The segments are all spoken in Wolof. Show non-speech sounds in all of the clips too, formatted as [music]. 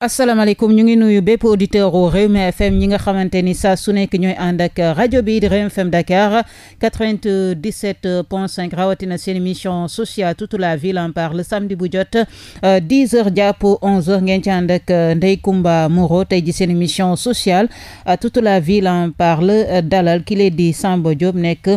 asalaamaaleykum ñu ngi nuyu bépp auditeur u Rewmi FM ñi nga xamante ni saa su nekk ñooy ànd ak rajo bi di Rewmi FM Dakar 97 point 5 rawatina seen émission sociale toute la ville en parle samedi bu jot 10 euh, heures jàpp 11 heures ngeen ci ànd ak euh, Ndeye Comba Moreau tey ji seen émission sociale euh, toute la ville en parle dalal kile di Samba Diop nekk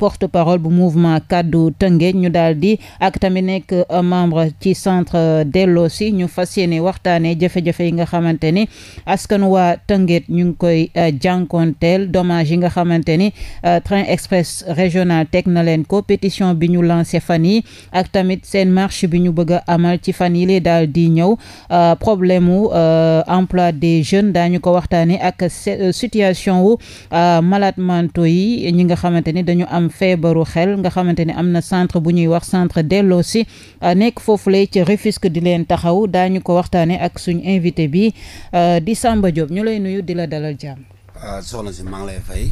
porte parole bu mouvement kaddu Tëngéej ñu daal di ak tamit nekk membre ci centre Delossi ñu fas yéene waxtaanee jafe-jafe yi nga xamante ni askan waa Tëngéej ñu ngi koy euh, jànkonteel dommage yi nga xamante ni euh, train express régional teg na leen ko pétition bi ñu lancé fan yi ak tamit seen marche bi ñu bëgg a amal ci fan yi lee daal di ñëw euh, problème wu emploi des jeunes daa ñu ko waxtaanee ak situation wu malade mentaux yi ñi nga xamante ni dañu am feebaru xel nga xamante ni am na centre bu ñuy wax centre delloosi nekk foofu lay ci Rufisque di leen taxaw daañu ko suñu invité bi euh, di Samba Diop ñu lay nuyu di la dalal jàmm. Ah, soxna si maa ngi lay fay.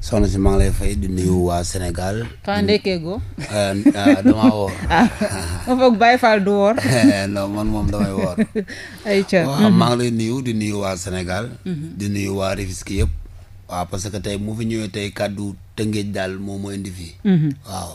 soxna si maa ngi lay fay di nuyu waa Sénégal. xanaa ndekkee goo. [laughs] Euh, ah, damaa woor. [laughs] Ah, ma foog Baye Fall du woor. [laughs] non man moom damay woor. ayca waaw mhm. maa ngi lay nuyu di nuyu waa Sénégal. Mhm. di nuyu waa Rufisque yëpp. waaw parce que tey mu fi ñëwee tey kàddu tëngeej daal moom moo indi fii. Mhm. waaw.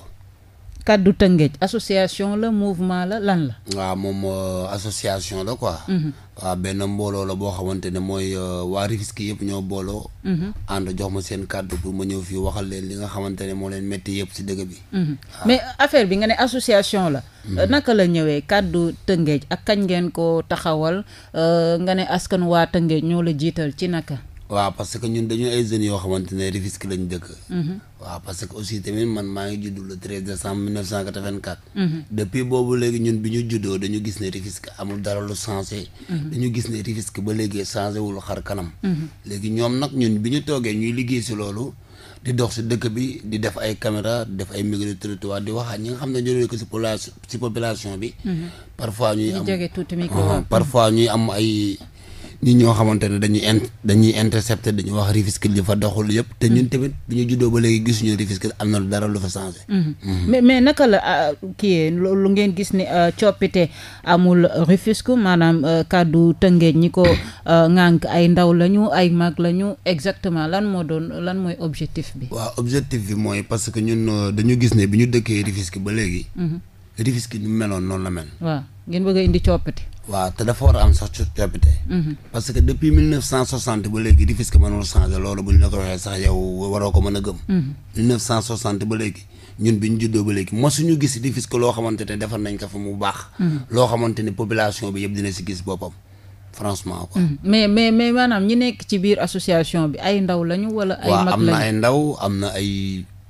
kàddu Tëngéej association la mouvement la lan la. waaw moom euh, association la quoi. Mhm. waaw benn mbooloo la boo xamante ne mooy euh, waa Rufisque yëpp ñoo booloo. Mhm. ànd jox ma seen kàddu pour ma ñëw fii waxal leen li nga xamante ne moo leen métti yëpp si dëgg bi. Mhm. mais affaire bi nga ne association la. naka la ñëwee kàddu Tëngéej ak kañ ngeen ko taxawal euh, nga ne askan waa Tëngéej ñoo la jiital ci naka. waaw parce que ñun dañu ay jeunes yoo xamante ne Rufisque lañu dëkk. Mhm. waaw parce que aussi tamit man maa ngi juddu le treize décembre mille neuf cent quatre-vingt-quatre. Mhm. depuis boobu léegi ñun bi ñu juddoo dañu gis ne Rufisque amul dara lu changé. Mhm. dañu gis ne Rufisque ba léegi changé wul xar kanam. léegi ñoom nag ñun bi ñu toogee ñuy liggéey si loolu. di dox si dëkk bi di def ay caméra di def ay micro-trottoir di wax ñi nga xam ne ñoo ko si population si population bi. parfois ñuy am ah, parfois ñuy am ay. ñi ñoo xamante ne dañuy in dañuy intercepté dañuy wax Rufisque li fa doxul yëpp te ñun mm. tamit bi ñu juddoo ba léegi gisuñu Rufisque am na lu dara lu fa changé mm-hmm. Mm-hmm. mais mais naka la euh, kii lu ngeen gis ne euh, coppite amul Rufisque maanaam euh, kàddu tëngeej ñi ko [coughs] ŋànk ay ndaw lañu ay mag lañu exactement lan moo doon lan mooy objectif bi waaw objectif bi mooy parce que ñun dañu gis ne bi ñu dëkkee Rufisque ba léegi mm-hmm. Rufisque ñu meloon noonu la mel waaw ngeen bëgg a indi coppite waaw te dafa war a am sax ci coppite. Mhm. parce que depuis mille neuf cent soixante ba léegi Rufisque mënul changer loolu bu ñu la ko sax yow waroo ko mën a gëm. Mhm. mille neuf cent soixante ba léegi ñun bi ñu juddoo ba léegi mosuñu gis Rufisque loo xamante ne defar nañ ko fa mu baax. Mhm. loo xamante ne population bi yëpp dina si gis boppam. franchement quoi. mais mais mais maanaam ñi nekk ci biir association bi ay ndaw lañu. wala ay mag lañu waaw am na ay ndaw am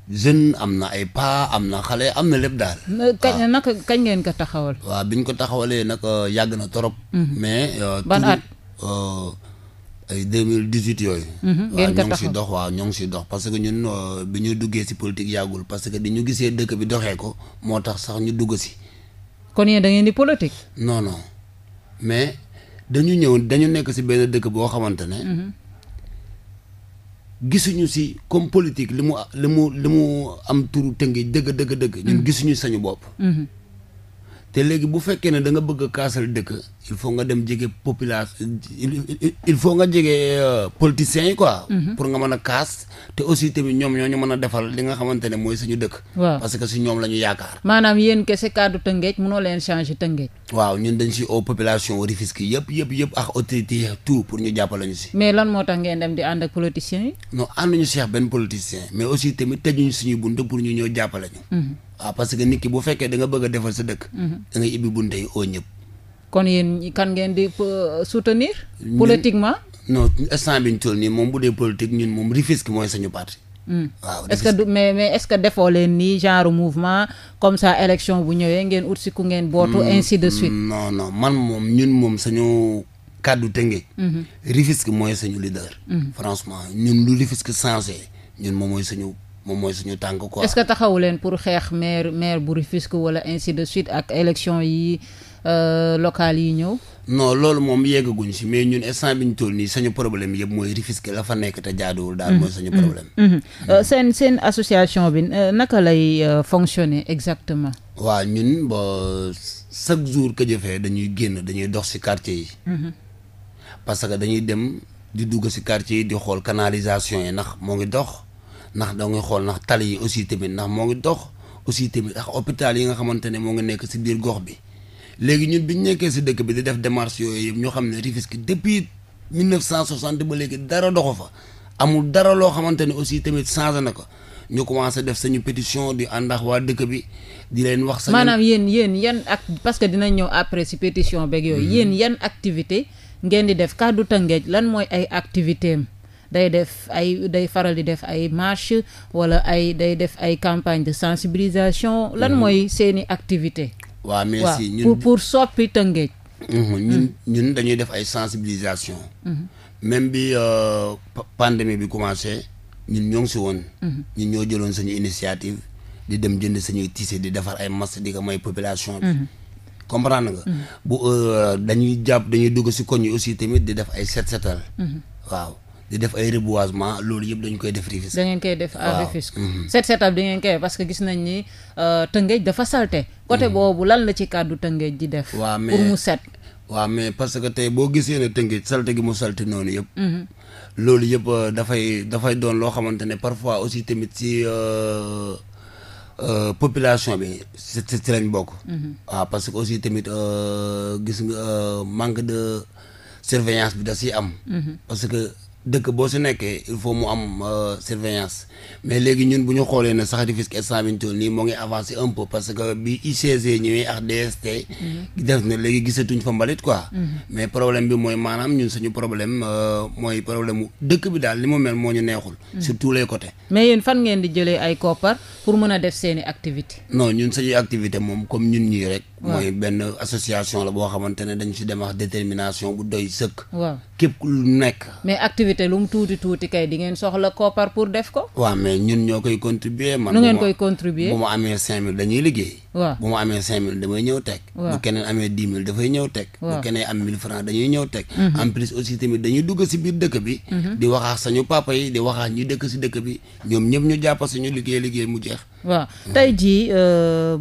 jeune am na ay pa am na xale am na lépp daal. kañ ah. naka kañ ngeen ko taxawal. waaw bi ñu ko taxawalee nag euh, yàgg na trop. Mhm. mais. Euh, ban at euh, ay deux mille dix huit yooyu. Mhm, ngeen ko taxaw si dox waaw ñoo si dox parce que ñun bi ñu duggee si politique yàggul parce que di ñu gisee dëkk bi doxee ko moo tax sax ñu dugg si. kon yéen da di politique. non mais dañu ñëw dañu nekk si benn dëkk boo xamante ne. Mhm. gisuñu si comme politique li mu li mu li mu am turu tëngeej dëgg dëgg dëgg ñun mm-hmm. gisuñu sañu bopp mm-hmm. te léegi bu fekkee ne da nga bëgg a kaasal dëkk il faut nga dem jege population il faut nga jege euh, politiciens yi quoi. Mhm. pour nga mën a kaas te aussi tamit ñoom ñoo ñu mën a defal li nga xamante ne mooy suñu dëkk. waaw parce que si ñoom la ñu yaakaar. maanaam yéen kese kaddu Tëngéej mënoo leen changer Tëngéej. waaw ñun dañ si au population yi yëpp yëpp yëpp ak autorité yi tout pour ñu jàppale ñu si. mais lan moo tax ngeen dem di ànd ak politiciens yi. non ànduñu si benn politicien mais aussi tamit tëjuñu suñuy bunt pour ñu ñëw jàppale ñu. Mhm. waaw ah, parce que nit ki bu fekkee da bëgg a defal sa dëkk. Mhm. da ngay ibbi bunte yi oo ñëpp. kon yéen kan ngeen di euh, soutenir. politiquement. non instant bi ñu toll nii moom bu dee politique ñun moom Rufisque mooy sañu parti. Hmm. waaw mais mais est-ce que defoo leen nii genre mouvement bu ñëwee ngeen ut si ku ngeen bootu. Hmm, ainsi de moom ñun moom sañu kàddu tënge. Mhm. Rufisque mooy sañu leader. Mhm. franchement ñun lu Rufisque changé ñun moom mooy sañu. moom mooy suñu tànk quoi. est-ce que taxawu leen pour xeex maire maire bu Rufisque wala ainsi de suite ak élection yi euh, locales yi ñëw. no loolu moom yeggaguñ si mais ñun instant bi ñu toll nii sañu problème yëpp mooy Rufisque la fa nekk te jaaduwul daal mmh. mooy sañu problème. Mmh. Mmh. Euh, seen seen association bi euh, naka lay fonctionner exactement. waaw ñun ba chaque jour que jëfee dañuy génn dañuy dox si quartier yi. parce que dañuy dem di dugg si quartier yi di xool canalisation ndax da nga xool ndax tali yi aussi tamit ndax moo ngi dox aussi tamit ndax hôpital yi nga xamante ne moo ngi nekk si biir gox bi léegi ñun bi nekkee si dëkk bi di def démarche yooyu yëpp ñoo xam ne Rufisque depuis cent 1960 ba léegi dara doxo fa amul dara loo xamante ne aussi tamit changé na ko ñu commencé def sañu pétition di àndax waa dëkk bi di leen wax. sañu maanaam yéen yéen yan ak parce que dinañ ñëw après si pétition beg yooyu. Hmm. yéen yan activité ngeen di def kàddu Tëngéej lan mooy ay activité day def ay day faral di def ay marche wala ay day def ay campagne de sensibilisation lan mhm. mooy seeni activité waa merci ñun pour pour soppi mhm, mhm. ñun dañuy def ay sensibilisation même bi euh, pandémie bi commencé ñun ñoo ngi si woon ñun jëloon sañu initiative di dem jënd sañuy tissu di defar ay masques di ko may population bi comprendre nga bu euh, dañuy jàpp dañuy dugg si koñ yi aussi tamit di def ay set setal waaw di def ay reboisement loolu yëpp dañ koy def Rufisque. ko ngeen koy def à Rufisque. set mhm. setal di ngeen koy parce que gis nañ ni euh, dafa salte côté mhm. boobu lan la ci kàddu Tëngéej di def. waaw pour mu set. waaw mais parce que tey boo gisee ne Tëngéej salte gi mu salte noonu mhm. loolu yëpp euh, dafay dafay doon loo xamante ne parfois aussi tamit ci euh, population bi ci ci lañ bokk. parce que aussi tamit gis nga manque de surveillance bi da ciy am. parce que. dëkk boo si nekkee il faut mu am euh, surveillance mais léegi ñun bu ñu xoolee ne sax Rufisque instant bi ñu toll nii moo ngi avancé un peu parce que bi ICG ñëwee ak DST. Mhm. def na léegi gisatuñ fa mbalit quoi. Mhm. mais problème bi mooy maanaam ñun suñu problème euh, mooy problème dëkk bi daal li mu mel moo ñu neexul. Mhm. sur tous les côtés. mais yéen fan ngeen di jëlee ay koppar pour mën a def seeni activité no ñun suñuy activité moom comme ñun ñii rek. mooy benn association la boo xamante ne dañ si dem ak détermination bu doy sëkk. képp ku nekk. mais activité lu mu tuuti tuuti kay di ngeen soxla koppar pour def ko. waaw mais ñun ñoo koy contribuer. man nu ngeen koy contribuer bu ma amee cinq mille dañuy liggéey. waaw bu ma amee cinq mille damay ñëw teg. bu keneen amee dix mille dafay ñëw teg. bu keneen am mille franc dañuy ñëw teg. Mhm. en plus aussi dañuy dugg si biir dëkk bi. Mhm. di waxaax sañu papa yi di waxaax ñu dëkk si dëkk bi ñoom ñëpp ñu jàpp suñu liggéey liggéey mu jeex. Hmm. Euh,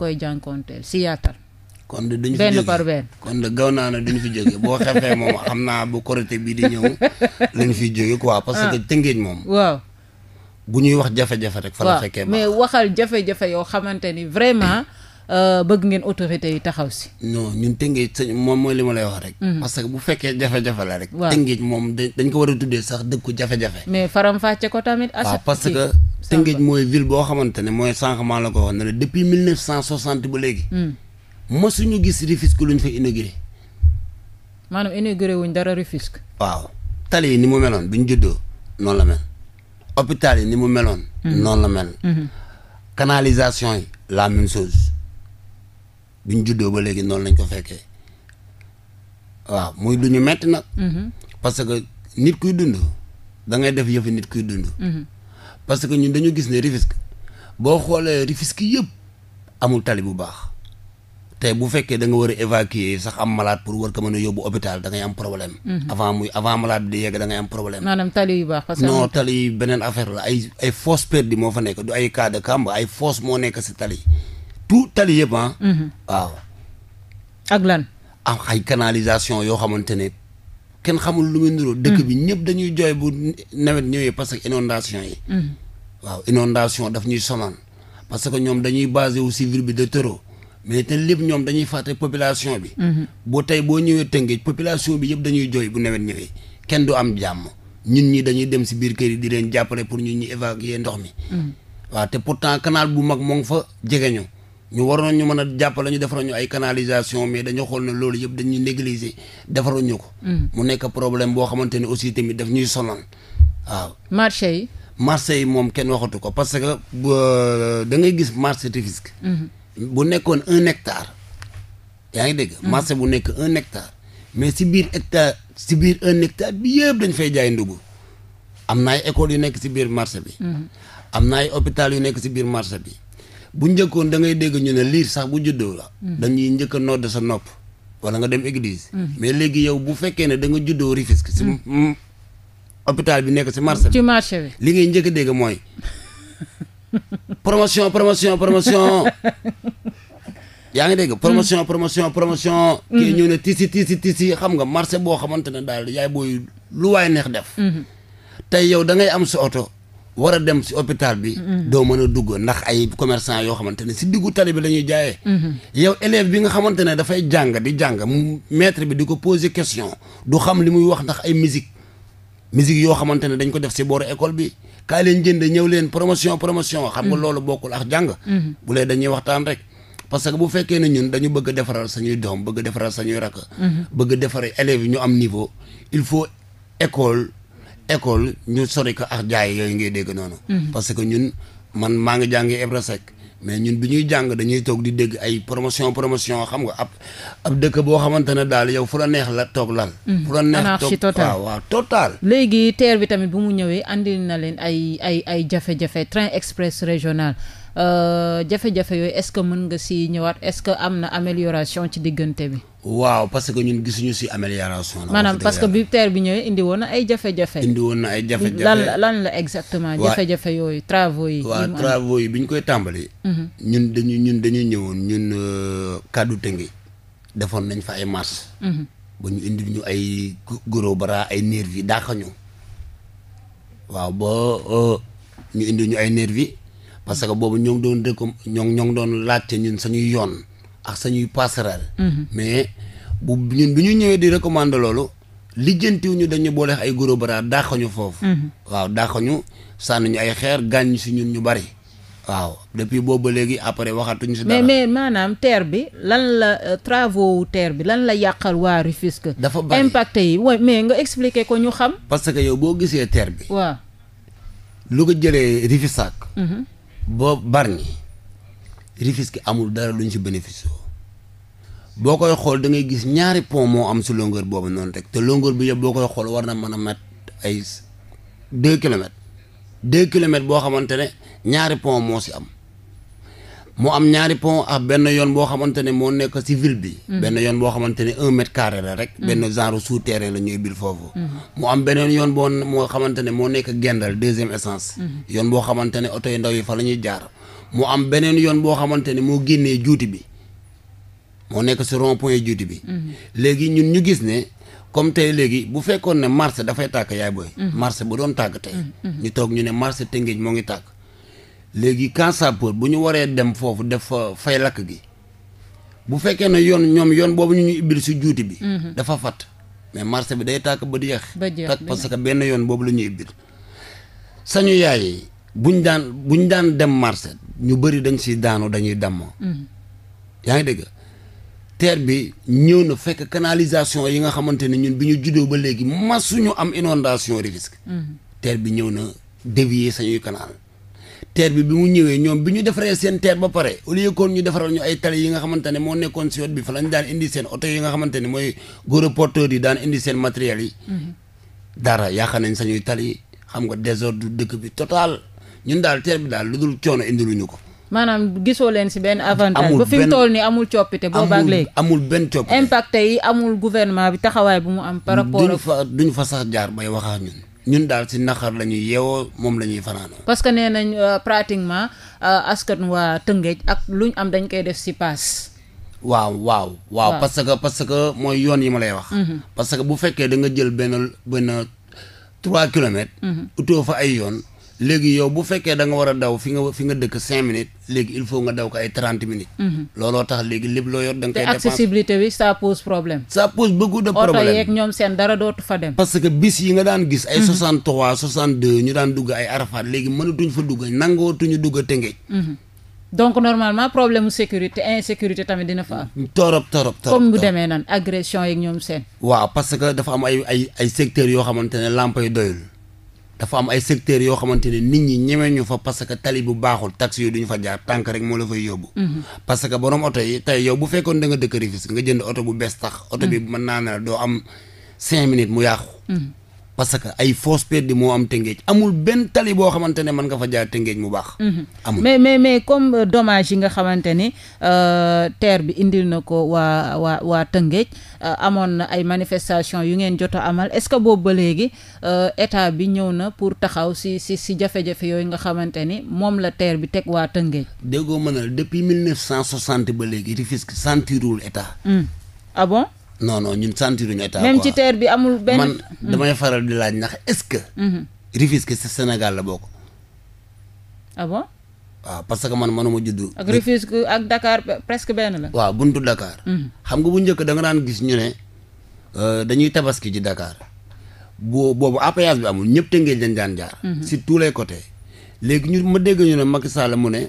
waa si yaatal kon de duñu fi jógee kon naa ne duñu fi jógee boo xefee moom [laughs] xam naa bu korité bii di ñëw [laughs] lañ fiy jógee quoi. parce ah. que tëngeej moom. waaw bu ñuy wax jafe-jafe rek. fa la fekkee baax mais jafe yoo xamante ni vraiment euh, bëgg ngeen autorité yi taxaw si. non ñun tëngeej sëñ moom mooy li ma lay wax rek. Mhm. parce que bu fekkee jafe-jafe la rek. waaw tëngeej moom dañ ko war a tuddee sax dëkku jafe-jafe. mais faram-fàcce ko tamit. waaw parce que tëngeej mooy ville boo xamante ne mooy sànq maa la ko wax ne la depuis 1960 ba léegi. Mhm. mosuñu gis Rufisque luñ fa inauguré. maanaam inauguré wuñ dara Rufisque. waaw tali yi ni mu meloon bi ñu juddoo noonu la mel. hôpital yi ni mu meloon. Hmm. noonu la mel. Hmm. canalisation yi la même chose bi ñu juddoo ba léegi noonu lañ ko fekkee waaw muy lu ñu metti nag. Hmm. parce que nit kuy dund da ngay def yëfi nit kuy dund. parce que ñun dañu gis ne Rufisque boo xoolee Rufisque yëpp amul tali bu baax. tey bu fekkee da nga war a évacuer sax am malade pour war ko mën a yóbbu hôpital am problème. Mhm. avant muy avant malade bi di yegg da ngay am problème. maanaam tali yu beneen affaire la ay ay fausse moo fa nekk du ay cas de kamba ay fausse moo nekk si tali tout tali yëpp ah. Mhm. waaw. ak lan. am ay canalisation yoo xamante ne kenn xamul lu muy niroo. dëkk bi mhm. ñëpp dañuy jooy bu nawet ñëwee parce que inondation yi. waaw inondation daf ñuy sonal parce que ñoom dañuy basé wu si ville bi de Toro. mais te lépp ñoom dañuy fàtte population bi. boo tey boo ñëwee Tëngéej population bi yëpp dañuy jooy bu nawet ñëwee kenn du am jàmm ñun ñi dañuy dem si biir kër yi di leen jàppale pour ñun ñu évacuer ndox mi. waaw te pourtant canal bu mag moo ngi fa jege ñu. ñu waroon ñu mën a jàppale ñu defaroon ñu ay canalisation mais dañoo xool ne loolu yëpp dañuy négliger defaroon ñu ko. mu nekk problème boo xamante ne aussi tamit daf ñuy sonal waaw. marché yi. marché yi moom kenn waxatu ko parce que euh, da ngay gis marché Rufisque. Mm-hmm. bu nekkoon un hectare yaa ngi dégg. Hmm. marché bu nekk un hectare. mais si biir hectare si biir un hectare bi yëpp dañ fay jaay ndugg am naa ay écoles yu nekk si biir marché bi. Hmm. na ay hôpital yu nekk si biir marché bi. bu njëkkoon da ngay dégg ñu ne liir sax bu juddoo la. Hmm. dañuy njëkk a nodd sa nopp. wala nga dem église. mais léegi yow bu fekkee ne da juddoo Rufisque. si hôpital bi nekk si marché bi. ci li ngay njëkk dégg mooy. [laughs] promotion promotion promotion [laughs] yaa ngi dégg hmm. promotion promotion promotion hmm. kii ñëw ne tisi tisi tisi xam nga marché boo xamante ne daal yaay booy lu waay neex def hmm. tey yow da ngay am sa oto war a dem si hôpital bi doo mën a dugg ndax ay commerçant yoo xamante ne si diggu tali bi la ñuy jaayee yow élève bi nga xamante ne dafay jàng di jàng maître bi di ko poser question du xam li muy wax ndax ay musique musique yoo xamante ne dañ ko def si booru école bi kaay leen jënd ñëw leen promotion promotion xam nga mm. loolu bokkul ak jàng mm-hmm. bu lee dañuy waxtaan rek parce que bu fekkee ne ñun dañu bëgg defaral sañuy doom bëgg defaral sañuy rakk mm-hmm. bëgg defaral élèves yi ñu am niveau il faut école école ñu sori ko ak jaay yooyu ngay dégg noonu mm-hmm. parce que ñun man maa ngi jàngi Ibra Seck mais ñun bi ñuy jàng dañuy toog di dégg ay promotion promotion xam nga ab ab dëkk boo xamante ne daal yow fu la neex la toog lal. Mm. fu la neex toog total. léegi TER bi tamit bu mu ñëwee andil na leen ay ay ay jafe-jafe train express régional euh, jafe-jafe yooyu est-ce que mën nga si ñëwaat est-ce que am na amélioration ci diggante bi. waaw parce que ñun gisuñu si amélioration. la parce que bi terre bi ñëwee indi woon na ay jafe-jafe. indi woon na ay jafe-jafe lan lan la exactement. jafe-jafe yooyu travaux yi. waaw travaux yi bi ñu koy tàmbali. Mhm. ñun dañu ñun dañu ñëwoon ñun euh, kàddu tënge defoon nañ fa ay marche. Mhm. ba ñu indi ñu ay gros bras ay nervi daax ñu. waaw ba euh, ñu indi ñu ay nervi parce que boobu ñoo ngi doon dëkk ñoo ñoo ngi doon ñun sañuy yoon. ak sañuy passerelle. Mhm. mais bu ñun bi ñu ñëwee di recommander loolu lijjantiwuñu dañu boole ay gros bras ñu foofu. Mhm. waaw dàqañu ñu ñu ay xeer gaañ si ñun ñu bari. waaw depuis boobu ba léegi après waxatuñu si mais mais maanaam terre bi lan la euh, travaux wu bi lan la yàqal waa Rufisque. dafa bari impact yi mais nga expliquer ko ñu xam. parce que yow boo gisee terre bi. waaw lu ko jëlee Rufisque. Mhm. boo Bargny Rufisque amul dara luñ si bénéfice boo koy xool da ngay gis ñaari pont moo am si longueur boobu noonu rek te longueur bi yëpp boo koy xool war na mën a mat ay deux kilomètres deux kilomètres boo xamante ne ñaari pont moo si am mu am ñaari pont ak benn yoon boo xamante ne moo nekk si ville bi. Mm-hmm. benn yoon boo xamante ne un mètre carré mm-hmm. benn genre souterrain la ñuy bil foofu. Mm-hmm. mu am beneen yoon boo moo xamante ne moo nekk gendal deuxième essence. yoon boo xamante ne oto ndaw yi fa la ñuy jaar. mu am beneen yoon boo xamante ne moo génnee juuti bi moo nekk si rond juuti bi. Mhm. léegi ñun ñu gis ne comme tey léegi bu fekkoon ne marché dafay tàkk yaay booy. Mhm. marché bu doon tàkk tey. Mhm. ñu toog ñu ne marché Tëngéej moo ngi tàkk. léegi quand bu ñu waree dem foofu def fay lakk gi bu fekkee ne yoon ñoom yoon boobu ñu ñu ibbil si juuti bi. dafa fat mais marché bi day tàkk ba di yàq. ba parce que benn yoon boobu la ñuy ibbil sañu yaay. buñ daan buñ daan dem marché ñu bëri dañ si daanu dañuy dammoo mm-hmm. yaa ngi dégg terre bi ñëw na fekk canalisation yi nga xamante ne ñun bi ñu juddoo ba léegi masuñu am inondation Rufisque mm-hmm. terre bi ñëw na dévier sañuy canal terre bi bi mu ñëwee ñoom bi ñu defaree seen terre ba pare au lieu ñu defaral ñu ay tali yi nga xamante ne moo nekkoon si yoon bi fa lañ daan indi seen oto yi nga xamante ne mooy gros porteurs yi daan indi seen matériels yi mm-hmm. dara yàq nañ sañuy tali xam nga désordre dëkk ñun daal TER bi daal lu dul coono ñu ko. maanaam gisoo leen si benn avantage. amul benn ba fi mu toll nii amul coppite. boobaa ak léegi amul benn coppite. impact yi amul gouvernement bi taxawaay bu mu am. par rapport duñu fa fa sax jaar bay wax ak ñun. ñun daal si naqar la ñuy yeewoo moom la ñuy fanaanoo parce que nee nañ euh, pratiquement euh, askan waa Tëngéej ak luñ am dañ koy def si paas. waaw waaw. waaw parce que parce que mooy yoon yi ma lay wax. Mhm. parce que bu fekkee da nga jël benn benn trois kilomètres. Mhm. utoo fa ay yoon. léegi yow bu fekkee da nga war a daw fi nga fi nga dëkk cinq minutes léegi il faut nga daw ko ay trente minutes. Mhm. looloo tax léegi lépp loo yor da nga koy. dépense accessibilité bi seen dara dootu fa dem. parce que bis yi nga daan gis. ay mhm. soixante trois soixante deux ñu daan dugg ay Arafat léegi mënatuñ fa dugg nangootuñu dugg a Tëngéej. Mhm. donc normalement problème sécurité insécurité tamit dina fa am. torop torop torop comme bu demee nan agression yeeg ñoom seen. waaw parce que dafa am ay ay ay secteurs yoo xamante ne lamp yi doyul. dafa am ay secteurs yoo xamante ne nit ñi ñeme ñu fa parce que tali bu baaxul taxi yi duñu fa jaar tànk rek moo la fay yóbbu. Mhm. parce que borom oto yi tey yow bu fekkoon da nga dëkk Rufisque nga jënd oto bu bees tax. oto bi mhm. mën naa ne doo am cinq minutes mu yàqu. Mhm. parce que ay fausse perte moo am tëngeej amul benn tali boo xamante ne mën nga fa jaar tëngeej mu baax. Mhm. amul mais mais mais comme euh, dommage yi nga xamante ni euh, terre bi indil na ko waa waa waa tëngeej euh, amoon na ay manifestation yu ngeen jot amal est-ce que boobu ba léegi état bi ñëw na pour taxaw si si si jafe-jafe yooyu nga xamante ni moom la terre bi teg waa tëngeej. déggoo mën a na depuis 1960 ba léegi Rufisque sentirul état. Hmm. ah bon. non non ñun sentiruñu état même ci terre bi amul benn man mm. damay faral di laaj ndax est-ce que. Mm-hmm. Rufisque ci Sénégal la bokk. ah bon. waaw parce que man manuma juddu. ak Rufisque ak dakaar presque benn la. waaw buntu dakaar mm-hmm. xam nga bu njëkk danga nga daan gis ñu ne euh, dañuy tabaski ci dakaar boo boobu appayage bi amul ñëpp te ngeen dañ daan jaar. Mm-hmm. sur tous les côtés léegi ñu ma dégg ñu ne Macky Sall mu ne.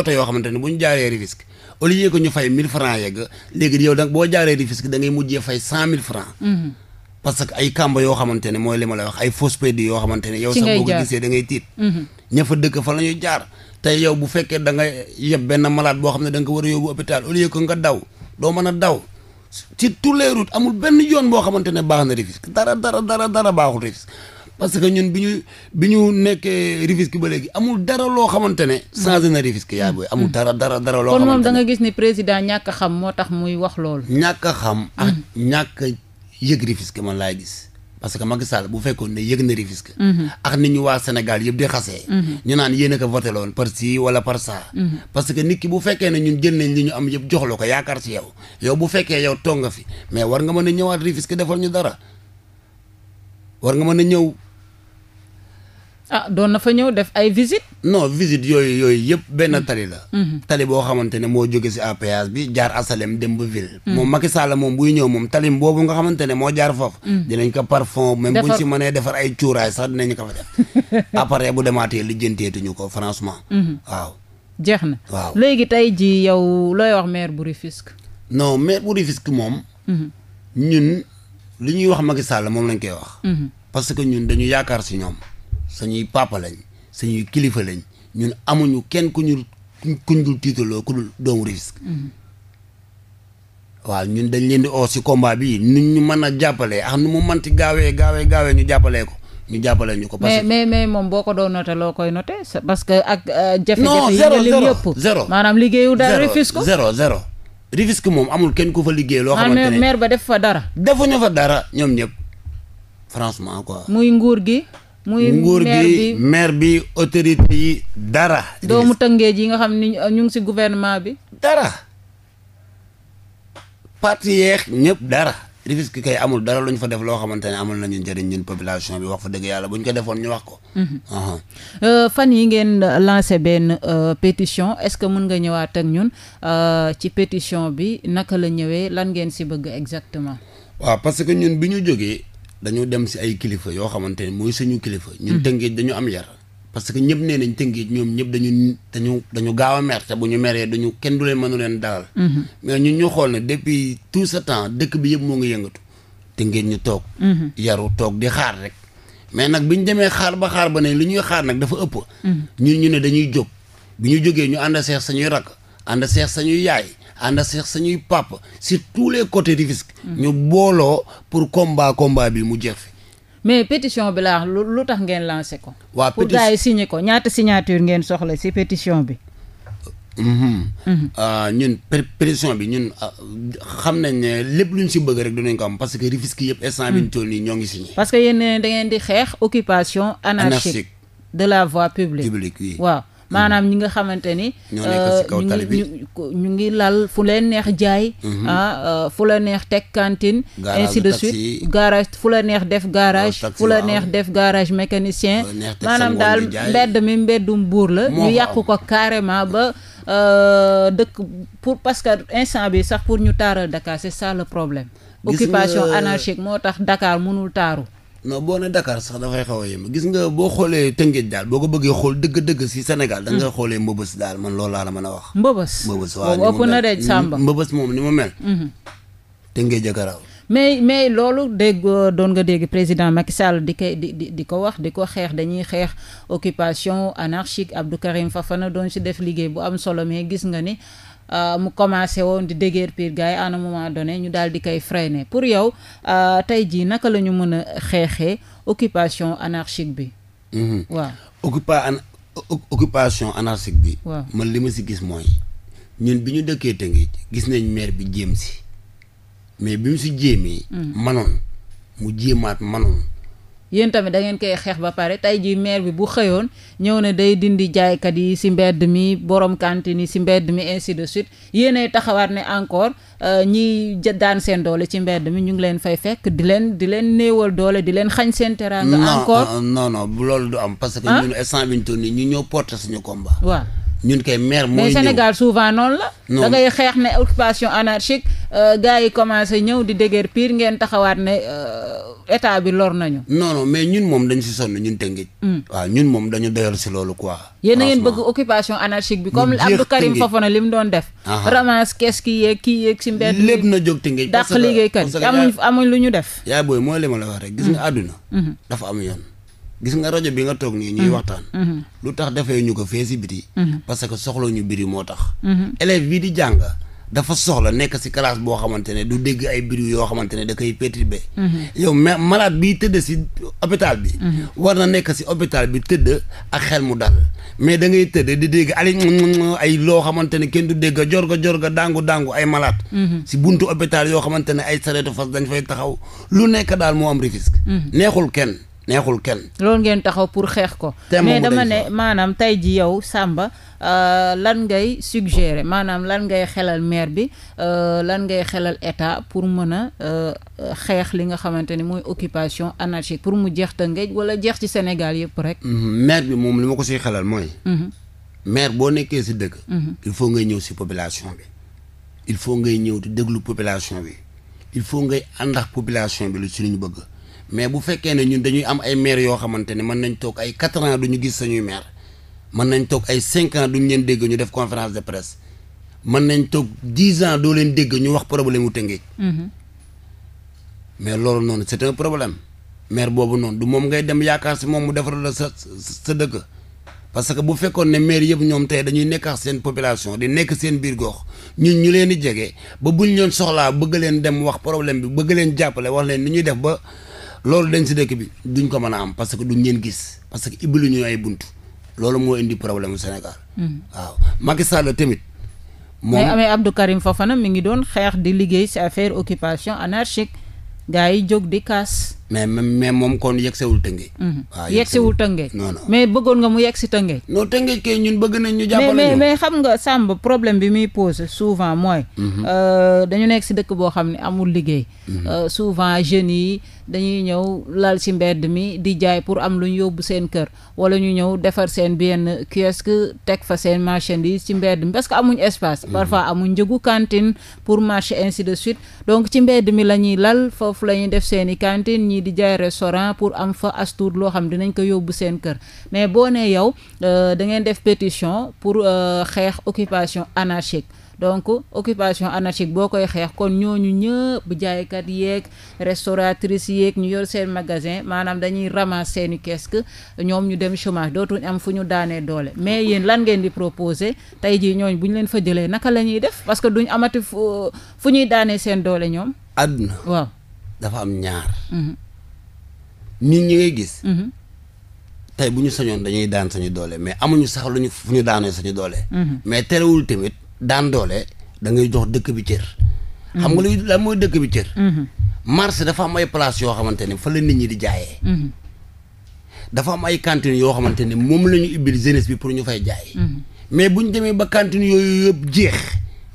oto yoo xamante ne bu ñu jaaree risque au lieu que ñu fay 1000 francs yegg léegi yow danga boo jaaree risque da mhm. mhm. yeb benn malade boo xam ne da war a yóbbu hôpital au lieu nga daw doo mën a daw ci tous les routes amul benn yoon boo xamante baax na risque dara dara dara baaxul risque parce que ñun bi ñu bi ñu nekkee Rufisque ba léegi amul dara loo xamante ne changé na Rufisque yaa booy amul dara dara dara loo xamante ne kon moom da nga gis ni président ñàkk a xam moo tax muy wax loolu ñàkk a xam ak mm-hmm. ñàkk a yëg Rufisque man laay gis parce que Macky Sall bu fekkoon ne yëg na Rufisque mm-hmm. ak nit ñu waa Sénégal yëpp di xasee mm-hmm. ñu naan yéen a ko voté loon par ci wala par ça parce que nit ki bu fekkee ne ñun jël nañ li ñu am yëpp jox la ko yaakaar ci yow yow bu fekkee yow toog nga fi mais war nga mën a ñëwaat Rufisque defal ñu dara war nga mën a ñëw ah doon na fa ñëw def ay visite no visite yooyu yooyu yëpp benn mm. tali la. Mm-hmm. tali boo xamante ne moo jóge si APS bi jaar asalem dem ba ville. Mm. moom Macky la moom buy ñëw moom talim boobu nga xamante ne moo jaar foofu. Mm. dinañ ko parfum même buñ si mënee defar ay cuuraay sax dinañ ko fa def [laughs] bu demaatee lijjanteetuñu ko franchement. Mm-hmm. waaw. jeex na waaw léegi tey ji yow looy wax maire bu Rufisque. non maire moom. Mm-hmm. ñun li ñuy wax Macky moom lañ koy wax. parce que ñun dañu yaakaar si ñoom. sañuy papa lañ sañuy kilifa lañ ñun amuñu kenn ku ñu kuñ dul tiitaloo ku dul doomu Rufisque mm-hmm. waaw ñun dañ leen di oo si combat bi nu ñu mën a jàppalee ak nu mu manti gaawee gaawee gaawee ñu jàppalee ko ñu jàppale ñu ko. parce mais mais moom boo ko doon noté loo koy noté parce que ak. Euh, jafe-jafe yi maanaam liggéeyu daal Rufisque ko zéro moom amul kenn ku fa liggéey loo xam ne maire ba def fa dara. defuñu fa dara ñoom ñëpp franchement quoi. muy nguur gi. muy nguur gi maire bi autorité yi dara. doomu tëngéej yi nga xam ni euh, ñu ngi si guvernement bi. dara parti yeex ñëpp dara. Rufisque kay amul dara lu fa def loo xamante ne amul nañu njëriñ ñun population bi wax fa dëgg yàlla buñ ñu ko defoon ñu wax ko. Mhm. Uh-huh. Euh, fan yi ngeen lancé benn euh, pétition est-ce que mën nga ñëwaat ak ñun ci pétition bi naka la ñëwee lan ngeen ci bëgg exactement. waaw parce que ñun bi ñu jógee. dañu dem si ay kilifa yoo xamante ne mooy suñu kilifa. ñun hmm. tëngeej dañu am yar. parce que ñëpp nee nañ tëngeej ñoom ñëpp dañu dañu dañu gaaw a mer te bu ñu meree dañu kenn du leen mënu leen dalal. Hmm. mais ñun ñu xool ne depuis tout ce temps dëkk bi yëpp moo ngi yëngatu. tëngeej ñu toog. Hmm. yaru toog di xaar rek. mais nag bi ñu demee xaar ba xaar ba ne li ñuy xaar nag dafa ëpp. ñun ñu ne dañuy jóg bu ñu jógee ñu ànd seex sañuy rakk ànd seex sañuy yaay. ànd ak sañuy papa sur tous les côtés Rufisque ñu booloo pour combat combat bi mu jeex fi mais pétition bi laa wax lu tax ngeen lancé ko waaw pour gars yi signé ko ñaata signature ngeen soxla si pétition bi mhm. Mhm. Ah, ñun pétition bi ñun ah, xam nañ ne lépp lu ñu si bëgg rek dinañ ko parce que Rufisque yëpp instant bi hmm. ñu toll nii ñoo ngi signé parce que yéen dangeen ngeen di xeex occupation anarchique de la voie publique publique waaw Mm. maanaam ñi nga xamante ni euh, ñu ngi lal fu leen neex jaay mm-hmm. ah euh, fu la neex teg cantine ainsi de suite garage fu la neex def garage fu la neex def garage mécanicien maanaam daal mbedd mi mbeddum buur la ñu yàqu ko carrément ba euh, dëkk pour parce que instant bi sax pour ñu taaral Dakar c'est ça le problème occupation anarchique moo tax Dakar mënul taaru non boo ne Dakar sax dafay xaw a ma gis nga boo xoolee Tëngéej daal boo ko bëggee xool dëgg-dëgg si Sénégal. da nga mm-hmm. xoolee Mbëbës daal man loolu laa la mën a wax. Mbëbës Mbëbës waaw ni ëpp na de Samba Mbëbës moom ni mu mel. Mm-hmm. Tëngéej ak mais mais loolu dégg doon nga dégg président Macky Sall di koy di ko wax di ko xeex dañuy xeex occupation anarchique Abdou Karim Fafana doon si def liggéey bu am solo mais gis nga ni. Euh, mu commencé woon di déguerpir gars yi à un moment ñu daal di koy freiner pour yow euh, tey jii naka la ñu mën a xeexee occupation anarchique bi. Mhm. waaw occupa anarchique bi. man li ma si gis mooy ñun bi ñu dëkkee Tëngéej gis nañ maire bi jéem si mais bi mu si jéemee. Mm. manoon mu jéemaat manoon. yéen tamit da ngeen koy xeex ba pare tey jii maire bi bu xëyoon ñëw na day dindi jaaykat yi ci mbedd mi borom cantine yi ci mbedd mi ainsi de suite yéenay taxawaat ne encore euh, ñiy daan seen doole ci mbedd mi ñu ngi leen fay fekk di leen di leen néewal doole di leen xañ seen teraanga encore euh, non non loolu du am parce que ñun instant bi ñu ñoo porté suñu combat waa ñun kay maire mooy mais Sénégal souvent noonu la. da ngay xeex ne occupation anarchique euh, gars yi commencé ñëw di déguer piir ngeen taxawaat ne euh, état bi lor nañu. non mais ñun moom dañ si sonn ñun te tëngëj. Hmm. waaw ñun moom dañu doyal si loolu quoi. yéen a ngeen bëgg occupation anarchique bi comme Abdou Karim Fofana li mu doon def. ramasse kees ki yeeg kii yeeg lép mbedd. lépp na jóg tëngëj dàq liggéeykat yi amuñ amuñ lu ñu def. yaa booy mooy li ma la wax rek. gis nga hmm. àdduna. Hmm. dafa am yoon. gis nga rajo bi nga toog nii ñuy mm-hmm. waxtaan mm-hmm. lu tax defee ñu ko fee si biti mm-hmm. parce que soxla ñu biri moo tax élève bii di jàng dafa soxla nekk si classe boo xamante du dégg ay bruit yoo xamante ne da koy perturbé yow bi tëdd si hôpital bi war na nekk si hôpital bi tëdd ak xel mu dal mais da ngay tëdd di dégg ali ay loo xamante ne kenn du dégg jorga jorga dangu dangu ay malade si buntu hôpital yoo xamante ne ay sareetu fas dañ fay taxaw lu nekk daal moo am risque neexul kenn neexul kenn. loolu ngeen taxaw pour xeex ko. mais dama ne maanaam tey ji yow sàmba euh, lan ngay suggérer maanaam lan ngay xelal maire bi euh, lan ngay xelal état pour mën a euh, xeex li nga xamante ni mooy occupation anarchique pour mu jeex Tëngéej wala jeex ci Sénégal yëpp rek. Mm-hmm. maire bi moom li ma ko siy xelal mooy. Mm-hmm. maire boo nekkee si dëgg. Mm-hmm. il faut ngay ñëw si population bi. il faut ngay ñëw di déglu population bi. il faut ngay àndax population bi lu si lu ñu bëgg. mais bu fekkee ne ñun dañuy am ay maire yoo xamante ne mën nañ toog ay quatre ans du ñu gis sañuy maire mën nañ toog ay cinq ans duñ leen dégg ñu def conférence de presse mën nañ toog dix ans doo leen dégg ñu wax problème wu Tëngéej mhm. mais loolu noonu c'est un problème maire boobu noonu du moom ngay dem yaakaar si moom mu defaral la sa sa dëkk parce que bu fekkoon ne maire yëpp ñoom tey dañuy nekk nekkaat seen population di nekk seen biir gox ñu ñu leen di jege ba bu leen soxlaa bëgg leen dem wax problème bi bëgg leen jàppale wax leen ni ñuy def ba loolu dañ si dëkk bi duñ ko mën a am parce que duñ leen gis parce que ibbilu ñu ay buntu loolu moo indi problème Sénégal. Hmm. waaw Macky Sall tamit. moom mais Abdou Karim Fofana mi ngi doon xeex di liggéey si affaire occupation anarchique gars yi jóg di kaas. mais mais moom kon yegsewul Tëngéej. Mhm. waaw yegsewul Tëngéej. non mais bëggoon nga mu yegsi Tëngéej. non Tëngéej kay ñun bëgg nañ ñu. jàppale mais mais xam nga Samba problème bi muy pose souvent mooy. Mhm. Euh, dañu nekk si dëkk boo xam ne amul liggéey. Mhm. Euh, souvent jeunes yi dañuy ñëw lal si mbedd mi di jaay pour am lu ñu yóbbu seen kër wala ñu ñëw defar seen benn que teg fa seen marchandise ci mbedd mi parce que amuñ espace. parfois amuñ njëgu cantine pour marché ainsi de suite donc ci mbedd mi la ñuy lal foofu la ñuy def seen i cantine ñii di jaay restaurant pour am fa astuur loo xam dinañ ko yóbbu seen kër mais boo nee yow euh, da ngeen def pétition pour euh, xeex occupation anarchique donc occupation anarchique boo koy xeex kon ñooñu ñëpp jaaykat yeeg restauratrice yeeg ñu yor seen magasin maanaam dañuy ramasser seeni kees ñoom ñu dem chômage dootuñ am fu ñu daanee doole mais yéen lan ngeen di proposer tey jii ñooñ bu ñu leen fa jëlee naka la ñuy def parce que duñ amati fu fu ñuy daanee seen doole ñoom. àdduna ñun ñi ngay gis. Mm-hmm. tey bu ñu sañoon dañuy daan sañu doole mais amuñu sax lu ñu fu ñu daanee sañu doole. Mm-hmm. mais terewul tamit daan doole da ngay jox dëkk bi cër. xam nga luy mm-hmm. lan mooy dëkk bi cër. marché dafa am ay place yoo xamante ne fa la nit ñi di jaayee. dafa am ay cantines yoo xamante ne moom la ñu ubbil jeunesse bi pour ñu fay jaay. mais bu ñu demee ba cantine yooyu yëpp jeex.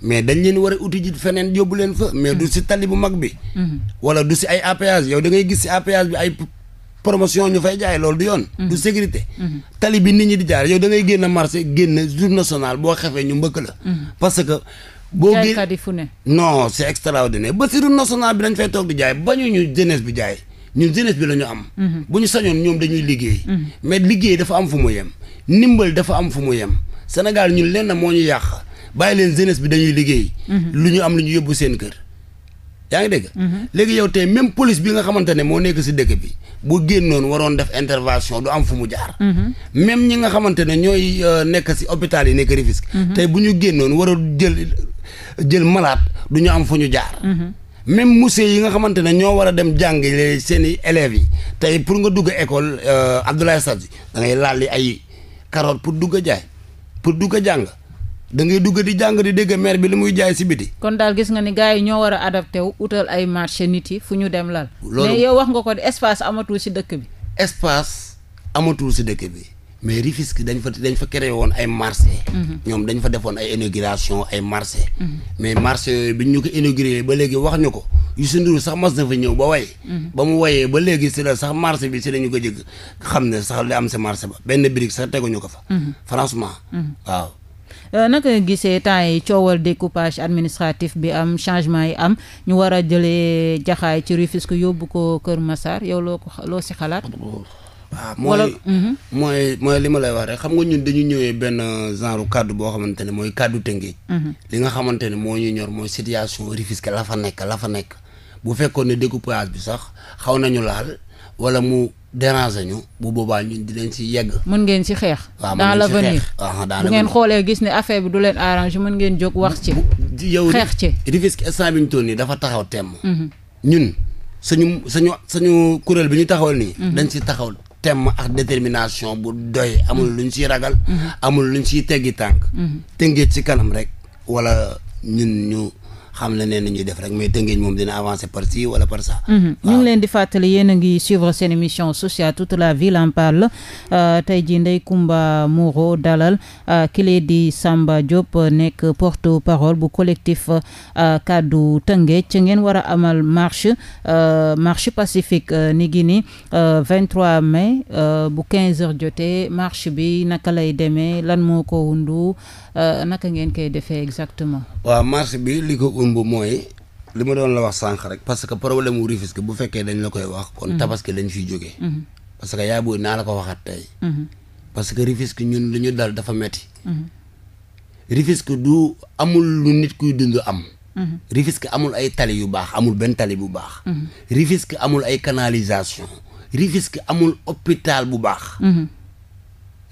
mais dañ leen war a uti ji feneen yóbbu leen fa. mais du si tali bu mag bi. wala du si ay APH yow da gis si APH bi ay promotion ñu fay jaay loolu du yoon. Mhm. du sécurité. Mhm. tali bi nit ñi di jaar yow da ngay génn marché génn jour national boo xefee ñu mbëkk la. Mhm. parce que. boo jaaykat yi fu ne. non c' est extraordinaire ba si route nationale bi dañ fay toog di jaay bañu ñu jeunesse bi jaay ñun jeunesse bi la ñu am. bu ñu sañoon ñoom dañuy liggéey. mais liggéey dafa am fu mu yem. ndimbal dafa am fu mu yem. Sénégal ñun lenn moo ñu yàq bàyyi leen jeunesse bi dañuy liggéey. lu ñu am lu ñu yóbbu seen kër. yaa ngi dégg. Mhm. léegi yow tey même police bi nga xamante ne moo nekk si dëkk bi bu génnoon waroon def intervention du am fu mu jaar. Mhm. même ñi nga xamante ne ñooy euh, nekk si hôpital yi nekk Rufisque. Mhm. bu ñu génnoon war jël jël malaat du ñu am fu ñu jaar. même musée yi nga xamante ne ñoo war a dem jàngale seen i élèves yi tey pour nga dugg école euh, Abdoulaye Sadji da ngay laal ay carotte pour dugg a jaay pour dugg a jàng. da ngay dugg di jàng di dégg maire bi li muy jaay si biti. kon daal gis nga ni gars ñoo war a adapté utal ay marché nit yi fu ñu dem lal. loolu mais yow wax nga ko di espace amatul si dëkk bi. espace amatul si dëkk bi mais Rufisque dañ fa dañ fa créé woon ay marché. Mhm. ñoom dañ fa defoon ay inauguration ay marché. Mhm. mais marché yooyu bi ñu ko inauguré ba léegi wax ñu ko Youssou Ndour sax mas na fa ñëw ba waye mhm. ba mu wayee ba léegi si la sax marché bi si la ko jëgg xam ne sax li am si marché ba benn brique sax teguñu ko fa. franchement Euh, naka gisee temps yi coowal découpage administratif bi am changement yi am ñu war a jëlee jaxaay ci Rufisque yóbbu ko Kër Massar yow loo ko loo si xalaat. waaw ah, mooy mhm. mooy mooy li ma lay wax rek xam nga ñun dañu ñëwee benn genre kàddu boo xamante ne mooy kàddu tëngeej mhm. li nga xamante ne moo ñu ñor mooy situation Rufisque la fa nekk la fa nekk bu fekkoon ne découpage bi sax xaw nañu laal wala mu déranger ñu bu boobaa ñun dinañ si yegg. mën ngeen si xeex. waaw dans l'avenir bu ngeen xoolee gis ne affaire bi du leen arranger mën ngeen jóg wax ci. yow xeex ci Rufisque instant bi ñu toll nii dafa taxaw temm. Mhm. ñun suñu suñu suñu kuréel bi ñu taxawal nii. Mhm. dañ si taxaw temm ak détermination bu doy amul mhm. luñ siy ragal. amul luñ siy teggi tànk. tëngeet si kanam rek wala ñun ñu. xam la ne na ñuy def rek mais Tëngéej moom dina avancer par ci wala par ça. Mhm. leen di fàttali yéen ngi suivre seen émission sociale toute la ville en parle euh, tey jii ndey Comba Moreau dalal euh, kile di Samba Diop euh, nekk porte parole bu collectif kaddu Tëngéej ci ngeen war a amal marche marche pacifique ni gi ni 23 mai bu 15 heures jotee marche bi naka lay demee lan moo ko wundu Euh, naka ngeen koy defee exactement. waaw marche bi li ko ëmb mooy li ma doon la wax sànq rek. parce que problème wu Rufisque bu fekkee dañ la koy wax. kon mhm. tabaski lañ fiy jógee. Mhm. parce que yaa booy naa la ko waxaat tey. Mhm. parce que Rufisque ñu lu ñu dal dafa metti Rufisque du amul lu nit kuy dund am. Rufisque amul ay tali yu baax amul benn tali bu baax. Rufisque amul ay canalisation Rufisque amul hôpital bu baax.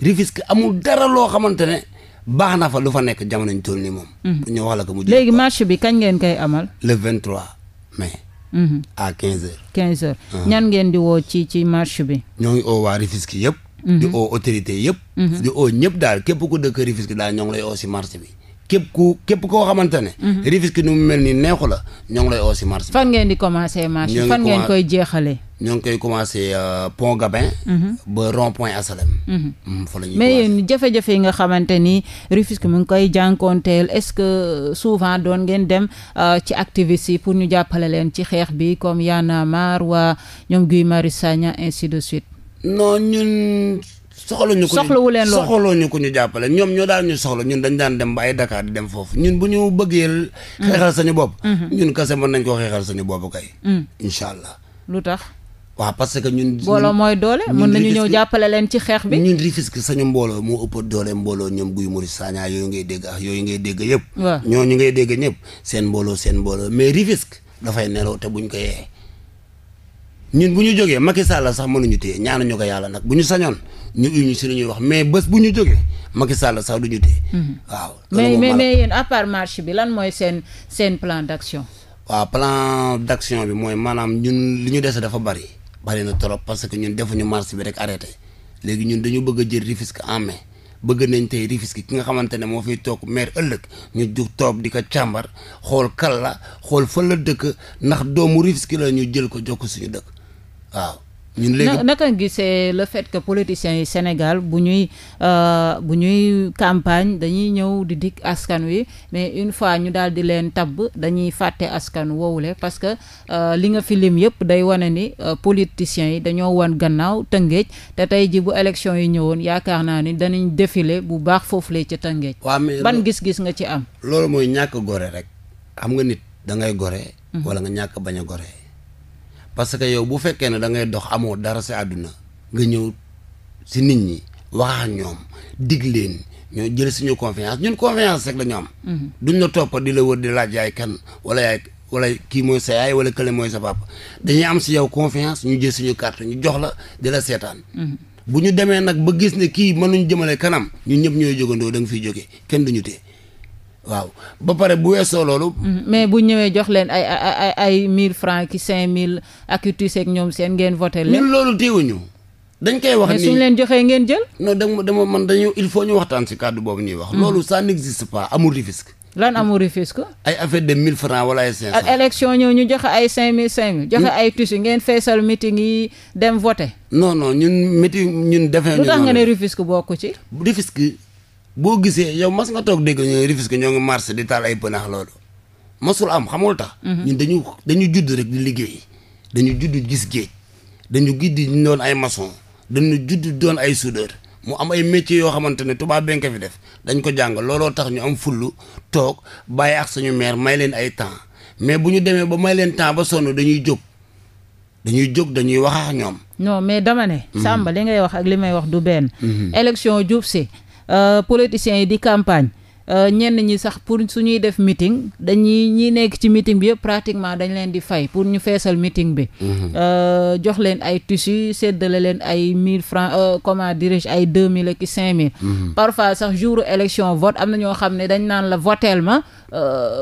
Rufisque amul dara loo xamante ne. baax na lu fa nekk jamono ñu ni nii moom. Mhm. ñu wax la ko mu. léegi marche bi kañ ngeen koy amal. le 23 mai. Mhm. à quinze h ah. 15h ñan ngeen di woo ci ci marche bi. ñoo i oo waa Rufisque yëpp. Mhm. di oo autorité yëpp. di oo ñëpp daal képp ku dëkk Rufisque daal ñoo ngi lay oo si marche bi. képp ku képp koo xamante ne. Rufisque nu mu mel nii neexu la ñoo ngi lay oo si marche bi. fan ngeen di commencé marche fan ngeen koy jeexalee. ñoo ngi koy commencé euh, Pont Gabin. Mhm. ba rond point Asalem. Mhm. Mm, fa la ñuy yi nga xamante ni Rufisque mu ngi koy jànkoonteel est-ce que euh, souvent doon ngeen dem euh, ci activistes yi pour ñu jàppale leen ci xeex bi comme Y'en a marre waa ñoom Guy Marius Sagna ainsi de suite. non ñun. soxlawuñu ko soxlawu leen lool soxlawuñu ko ñu jàppale ñoom ñoo daal ñu soxla ñun dañ daan dem ba ay Dakar di foofu ñun bu ñu bëggee. Mhm. xeexal sañu bopp. ñun kese mën nañ koo xeexal sañu bopp kay. incha allah lu tax. waaw parce que ñun. mbooloo mooy doole mën nañu ñëw jàppale leen ci xeex bi. ñun Rufisque sañu mbooloo moo ëpp doole mbooloo ñoom Guy Marius Sagna yooyu ngay dégg ak ah, yooyu ngay dégg yëpp. waaw ñooñu ngay dégg ñëpp seen mbooloo seen mbooloo mais Rufisque dafay nelaw te buñ ko ñun bu ñu jógee Macky Sall sax mënuñu téye ñaanuñu ko yàlla nag bu ñu sañoon ñu ñu si lu ñuy wax mais bés bu ñu jógee Macky Sall sax du ñu téye. Mhm. waaw mais mais mais yéen à bi lan mooy seen seen plan d' action. waaw plan daction bi mooy maanaam ñun li ñu dese dafa bari bari na trop parce que ñun defuñu marche bi rek arrêté léegi ñun dañu bëgg a jël Rufisque en main bëgg nañ tey Rufisque ki nga xamante ne moo fiy toog maire ëllëg ñu jug toog di ko càmbar xool kal la xool fa la dëkk ndax doomu Rufisque la ñu jël ko jokk suñu dëkk waaw naka gisee le fait que politiciens yi Sénégal bu ñuy euh, bu ñuy campagne dañuy ñëw di dikk askan wi mais une fois ñu daal di leen tabb dañuy fàtte askan woowule parce que euh, li nga fi lim yëpp day wane ni euh, politiciens yi dañoo wan gannaaw tëngeej te tey ji bu élection yi ñëwoon yaakaar naa ni danañ défilé bu baax foofu lee ca tëngeej ban gis-gis nga ci am loolu mooy ñàkk gore rek am nga nit da ngay gore mhm. wala nga ñàkk bañ a gore parce que yow bu fekkee ne da ngay dox amoo dara si àdduna nga ñëw si nit ñi wax ñoom dig leen ñoo jël suñu confiance ñun confiance rek la ñu am. Mhm. duñ la topp di la wër di laaj yaay kan wala wala kii mooy sa yaay wala kële mooy dañuy am si yow confiance ñu jël suñu carte ñu jox la di la seetaan. Mhm. bu ñu demee nag ba gis ne kii mënuñ jëmale kanam ñu ñëpp ñooy jógandoo da nga fiy jógee kenn duñu tee waaw ba pare bu weesoo loolu. Mm-hmm. mais bu ñëwee jox leen ay ay ay mille francs ki cinq mille ak yu tuuti ak ñoom seen ngeen voté leen. ñun loolu teewuñu. dañ koy wax su ñu leen joxee ngeen jël. non dama dama man dañu il faut ñu waxtaan ci kàddu boobu ñuy wax. Mm-hmm. loolu ça n'existe pas amul Rufisque. lan amul Rufisque. ay affaire de mille francs wala ay cinq cent. ak élection ñu joxe ay cinq mille cinq mille. joxe ay tissu ngeen feesal meeting yi dem voté. non non ñun meeting ñun. defee ñu lu tax nga ne Rufisque bokku ci. Rufisque boo gisee yow mas nga toog dégg ñu Rufisque ñoo ngi marché di taal ay pënaax loolu masul am xamul tax. Mhm. ñun dañu dañu judd rek di liggéey dañu judd gis géej dañu gis di doon ay maçon dañu judd doon ay soudeur mu am ay métiers yoo xamante ne tubaab benk fi def dañ ko jàng looloo tax ñu am fullu toog bàyyi ak suñu maire may leen ay temps mais bu ñu demee ba may leen temps ba sonn dañuy jóg. dañuy jóg dañuy wax ak ñoom. non mais dama ne. Mhm. Samba li ngay wax ak li may wax du benn. Mhm. élection jub Euh, politiciens yi di campagne euh, ñenn ñi sax pour su ñuy def meeting dañuy ñi nekk ci meeting bi yëpp pratiquement dañ leen di fay pour ñu feesal meeting bi. Mhm. Euh, jox leen ay tissus séddale leen ay mille francs comment dirais-je ay deux mille ak cinq mille. Mhm. parfois sax jour élection vote am na ñoo xam ne dañ naan la votel ma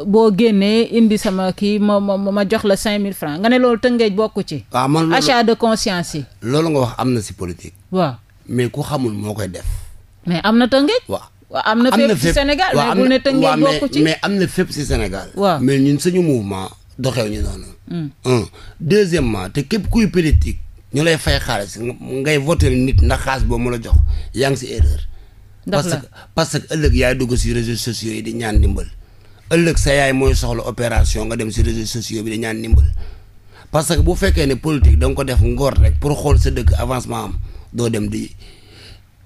boo génnee indi sama kii ma ma ma jox la cinq mille francs nga ne loolu tëngeej bokku ci. waaw ah, man achat de conscience yi. loolu nga wax am na si politique. waaw mais ku xamul moo koy def. mais am na Tëngéej. waaw am na fépp ci Sénégal mais bul ne Tëngéej bokk ci mais am na fépp ci Sénégal. waaw mais ñun suñu mouvement doxew ñu noonu. Hmm. un deuxièmement te képp kuy politique ñu lay fay xaalis ngay voter nit ndax xaalis boo mu la jox yaa ngi si erreur. ndax la parce que ëllëg yaay dugg si réseaux sociaux yi di ñaan ndimbal. ëllëg sa yaay mooy soxla opération nga dem si réseaux sociaux bi di ñaan ndimbal parce que bu fekkee ne politique da ko def ngoor rek pour xool sa dëkk avancement am doo dem di.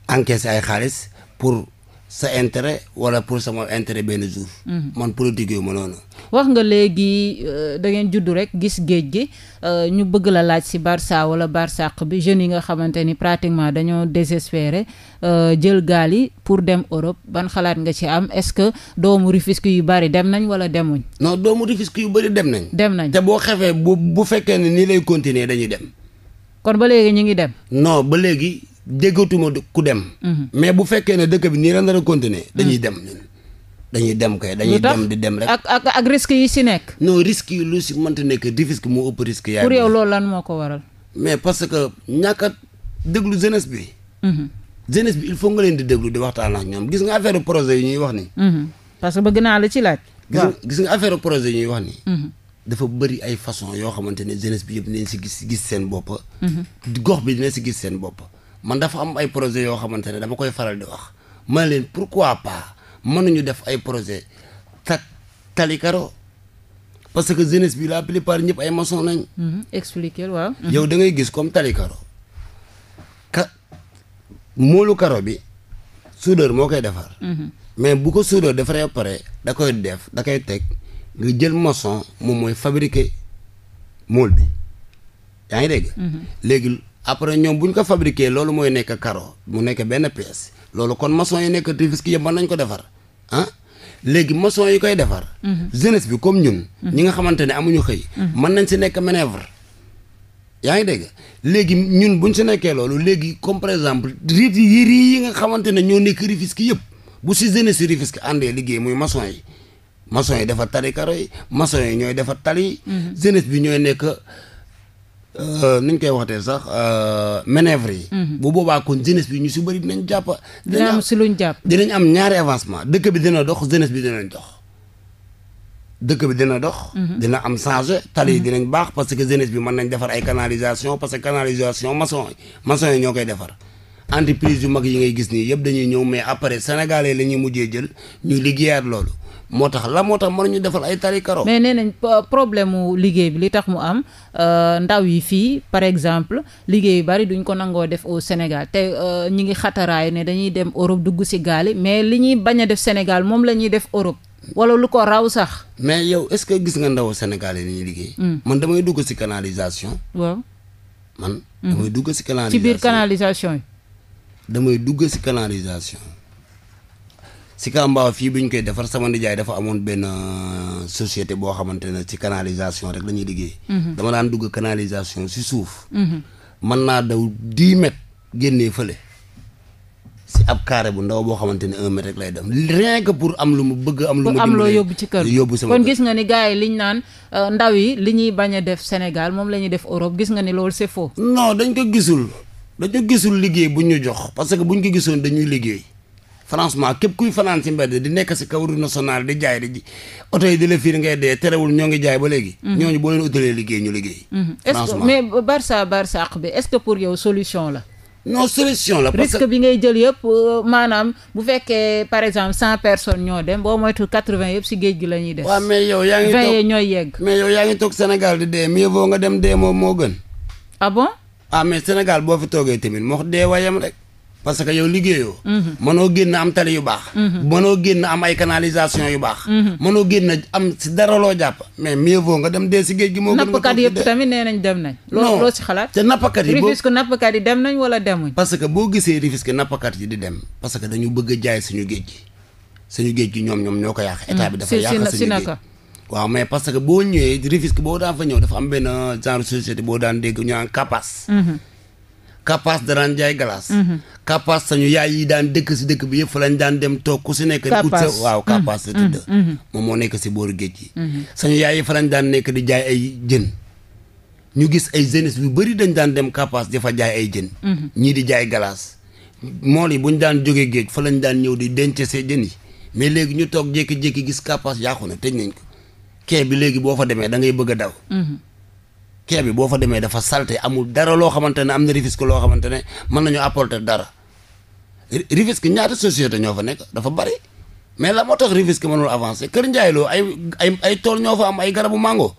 encaisser ay xaalis pour sa intérêt wala pour sama intérêt benn jour. Mhm. man politique yooyu ma noonu. wax nga léegi euh, da ngeen juddu rek gis géej gi euh, ñu bëgg la laaj si Barça wala Barsàq bi jeunes yi nga xamante ni pratiquement dañoo désespéré euh, jël gaal yi pour dem Europe ban xalaat nga ci am est-ce que doomu Rufisque yu bari dem nañ wala demuñ. noo doomu Rufisque yu bari dem nañ. dem nañ te boo xefee bu bu fekkee ne nii lay continuer dañuy dem. kon ba léegi ñu ngi dem. non ba déggatuma ku dem. Mhm. mais bu fekkee ne dëkk bi nii la nar a continuer mhm. dañuy dem ñun dañuy dem kay dañuy dem di dem rek. ak ak ak risques yi si nekk. non risques yi lu si mënta nekk di moo ëpp risque. yaa pour a déglu mhm. bëgg naa la ci laaj. gis nga gis projet ñuy wax nii. dafa bëri ay façon yoo xamante ne jeunesse bi yëpp dinañ si gis gis seen bopp. gox bi dina si gis seen bopp. man dafa am ay projet yoo xamante ne dama koy faral di wax ma leen pour pourquoi pas mënuñu def ay projet ta tali parce que jeunesse bi la plupart ñëpp ay maçon nañ. Mhm, expliquer waaw. Mhm. yow da ngay gis comme tali karo ka moolu karo bi soudeur moo koy defar. Mhm. mais bu ko soudeur defaree pare da koy def da teg nga jël maçon moom mooy fabriquer mool bi yaa ngi dégg. après ñoom bu ñu ko fabriqué loolu mooy nekk carreau mu nekk benn pièce loolu kon maçon yi nekk Rufisque yëpp mën nañ ko defar ah léegi maçon yi koy defar. Mhm. jeunesse bi comme ñun. Mhm. ñi nga xamante ne amuñu xëy. Mhm. mën nañ si nekk manœuvre. yaa ngi dégg léegi ñun buñ si nekkee loolu léegi comme par exemple xamante ne ñoo nekk yëpp bu si jeunesse si Rufisque àndee liggéey muy maçon yi. maçon yi defar tali carreau yi maçon yi ñooy defar tali. jeunesse bi ñooy nekk. Euh, nuñ koy waxtee sax euh, manœuvre yi. Mhm. bu boobaa kon jeunesse bi ñu si bëri dinañ jàpp. dinañ am si luñ jàpp. dinañ am ñaari avancement dëkk bi dina dox jeunesse bi dinañ dox. dëkk bi dina dox. Mhm. dina am changé tali yi mhm. dinañ baax parce que jeunesse bi mën nañ defar ay canalisation parce que canalisation maçon yi maçon yi ñoo koy defar. entreprise yu mag yi ngay gis nii yëpp dañuy ñëw mais après sénégalais la ñuy mujjee jël ñuy liggéeyaat loolu. moo tax la moo tax ñu defal ay tali karo. mais nee nañ euh, problème mu liggéey bi li tax mu am euh, ndaw yi fii par exemple liggéey bari duñ ko nangoo def au Sénégal te euh, ñi ngi xataraay ne dañuy dem Europe dugg si gaali mais li ñuy bañ a def Sénégal moom la ñuy def Europe. wala lu ko raw sax. mais yow est-ce que gis nga ndaw Sénégal yi ñuy liggéey. Hmm. man damay dugg si canalisation. waaw man. Hmm. damay dugg si canalisation ci biir canalisation yi. damay dugg si canalisation. si Kambaaw fii bu ñu koy defar sama nijaay dafa amoon benn euh, société boo xamante ne ci canalisation rek lañuy liggéey. Mm-hmm. dama daan dugg canalisation si suuf. man mm-hmm. naa daw dix mètres génnee fële. si ab carré bu ndaw boo xamante ne rek lay dem rien que pour am lu mu bëgg am lu mu am loo yóbbu ci kër yóbbu sama kon gis nga ni gars yi liñ naan euh, ndaw yi li ñuy bañ a def Sénégal moom lañuy def Europe gis nga ni loolu c'est faux non dañ ko gisul dañ gisul liggéey bu ñu jox parce que buñ ko gisoon dañuy liggéey franchement képp kuy fanaan si mbedd di nekk si kaw route di jaay di oto yi di la fiir ngay dee terewul ñoo ngi jaay ba léegi. Mhm. ñooñu boo leen utalee liggéey ñu liggéey. Mhm. est-ce que mais Barça Barça bi est-ce que pour yow solution la. non solution la parce bi ngay jël yëpp euh, maanaam bu fekkee par exemple cent personnes ñoo dem boo moytu quatre-vingts yëpp si géej gi la ñuy des. waaw mais yow yaa ngi toog vingt ñooy yegg. mais yow yaa ngi toog Sénégal di dee mieux vaut nga dem dee moo gën. ah bon. ah mais Sénégal boo fi toogee tamit moo dee wayam parce que yow liggéeyoo. Mhm. mënoo génn am tali yu baax. Mhm. mënoo génn am ay canalisation yu baax. Mhm. mënoo génn am si dara loo jàpp mais mieux vaut nga dem dee si géej gi. moo gën a nappkat yëpp tamit nee nañ dem nañ. non loo si xalaat te nappkat yi boo Rufisque nappkat yi dem nañ wala demuñ. parce que boo gisee Rufisque nappkat yi di dem parce que dañu bëgg jaay suñu géej gi suñu géej gi ñoom ñoom ñoo ko yàq. état bi mm. dafa yàq suñu géej waaw mais parce que boo ñëwee Rufisque boo daan fa ñëw dafa am benn genre société boo daan dégg ñu en capas kapaas danaan jaay galaas mhm. kapaas sañu yaay yi daan dëkk si dëkk bi yëpp fa lañ daan dem toog ku si nekk di ut sa mhm. mhm. moo nekk si booru géej gi sañu yaay yi fa lañ daan nekk di jaay ay jën ñu gis ay jeunesse bu bëri dañ daan dem kapaas di fa jaay ay jën ñii di jaay galaas moo yi bu ñu daan jógee géej fa lañ daan ñëw di denc see jën yi mais léegi ñu toog jékki-jékki gis kapaas yaaxu na tëj nañ ko léegi boo fa demee da ngay bëgg a daw kee bi boo fa demee dafa salté amul dara loo xamante ne am na Rufisque loo xamante ne mën nañu apporter dara Rufisque ñaata société ñoo fa nekk dafa bari mais la moo tax Rufisque mënul avancer Kër Lo ay ay ñoo fa am ay garabu mango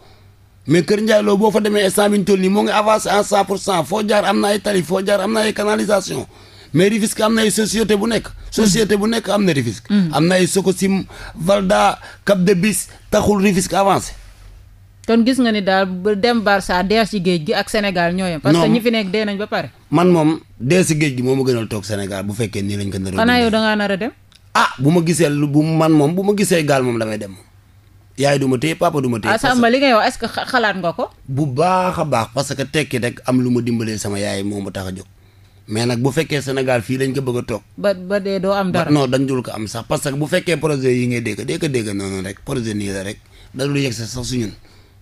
mais Kër Lo boo fa demee instant bi ñu toll en cent pour cent foo jaar am na ay tali foo jaar am na ay canalisation mais Rufisque am na ay société bu nekk société bu nekk am na Rufisque mm. am na ay Sococim Valda Cap de Bis taxul Rufisque avancer kon gis nga ni daal dem Barça dee ci géej gi ak Sénégal ñoo yem. parce que ñi fi nekk dee nañ ba pare. man moom dee ci géej gi moo ma gënal toog Sénégal bu fekkee nii lañ ko nar a. xanaa yow da ngaa dem. ah ma gisee lu bu man moom bu ma gisee gaal moom damay dem. yaay du ma téye papa du ma téye. Ah, Samba li ngay wax est-ce que xalaat nga ko. bu baax a baax parce que tekki rek am lu ma dimbalee sama yaay moo ma tax a jóg. mais nag bu fekkee Sénégal fii lañ ko bëgg toog. ba ba dee doo dara non dañ dul ko am sax parce que bu fekkee projet yi ngay dégg dégg dégg noonu rek projet nii la rek da dul yegg sax suñun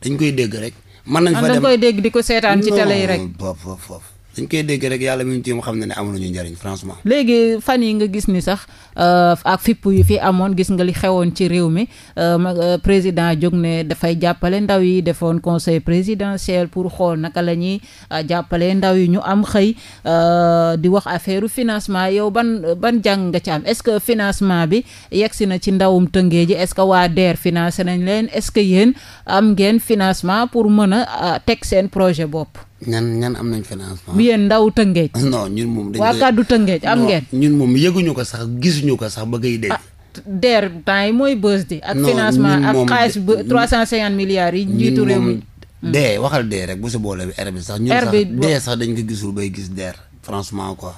dañ koy dégg rek. mën nañ fa dem koy dégg di ko seetaan ci télé yi rek. foofu foofu dañ koy dégg rek yàlla mi ngi tiim xam na ne ñu njariñ franchement. léegi fan yi nga gis ni sax. Euh, ak fipp yu fi amoon gis nga li xewoon ci réew mi euh, euh, président jóg ne dafay jàppale ndaw yi defoon conseil présidentiel pour xool naka la ñuy jàppale ndaw yi ñu am xëy di wax affaire financement yow ban ban jàng nga ci am est-ce que financement bi yegsi na ci ndawum tëngee ji est-ce que waa DER financé nañ leen est-ce que yéen am ngeen financement pour mën a teg seen projet bopp. ñan ñan am nañ financement. bu yéen ndaw tëngee. non ñun waa kàddu tëngee am ngeen. ñun moom yëguñu ko sax gisuñu ko sax bëgg yi dégg. Ah, DER temps yi mooy bës ak financement ak xaalis ba yi. njiitu réew mi dee waxal dee rek bu si boole bi R bi sax. R bi ñun sax dee sax dañ ko gisul bay gis DER franchement quoi.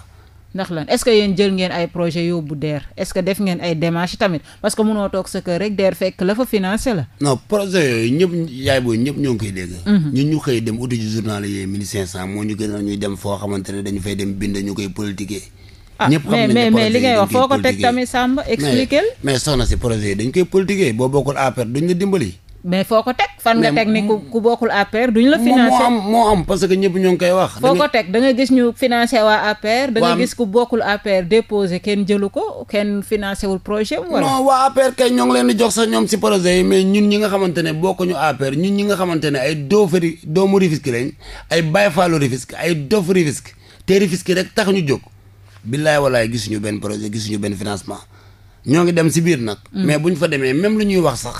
ndax lan est-ce que jël ngeen ay projet yóbbu DER est def ngeen ay démarches tamit parce que mënoo sa kër rek DER fekk la fa financé la. non projet yooyu ñëpp yaay booy ñëpp ñoo koy dégg. Mhm. ñun ñu xëy dem uti ci journal yi 1500 moo ñu gënal ñuy dem foo xamante ne Ah, ñëpp xam nañ mais mais li ngay wax foo ko teg tamit Samba expliquer mais soxna si projet yi dañ koy politiquer boo bokkul APR duñ la dimbali. mais foo ko teg fan nga teg ni ku bokkul APR duñ la financé moo am moo am parce que ñëpp ñoo ngi koy wax foo ko teg da gis ñu financé waa APR da nga gis ku bokkul APR déposé kenn jëlu ko kenn financé wul projet mu wala non waa kay ñoo ngi leen di jox sax ñoom si projet yi mais ñun ñi nga xamante ne bokkuñu APR ñun ñi nga xamante ne ay doofari doomu Rufisque lañ ay bayfaalu Rufisque ay dof Rufisque te rek tax ñu jóg billaay walaay gisuñu benn projet gisuñu benn financement ñoo ngi dem si biir nag. Mm. mais buñ fa demee même lu ñuy wax sax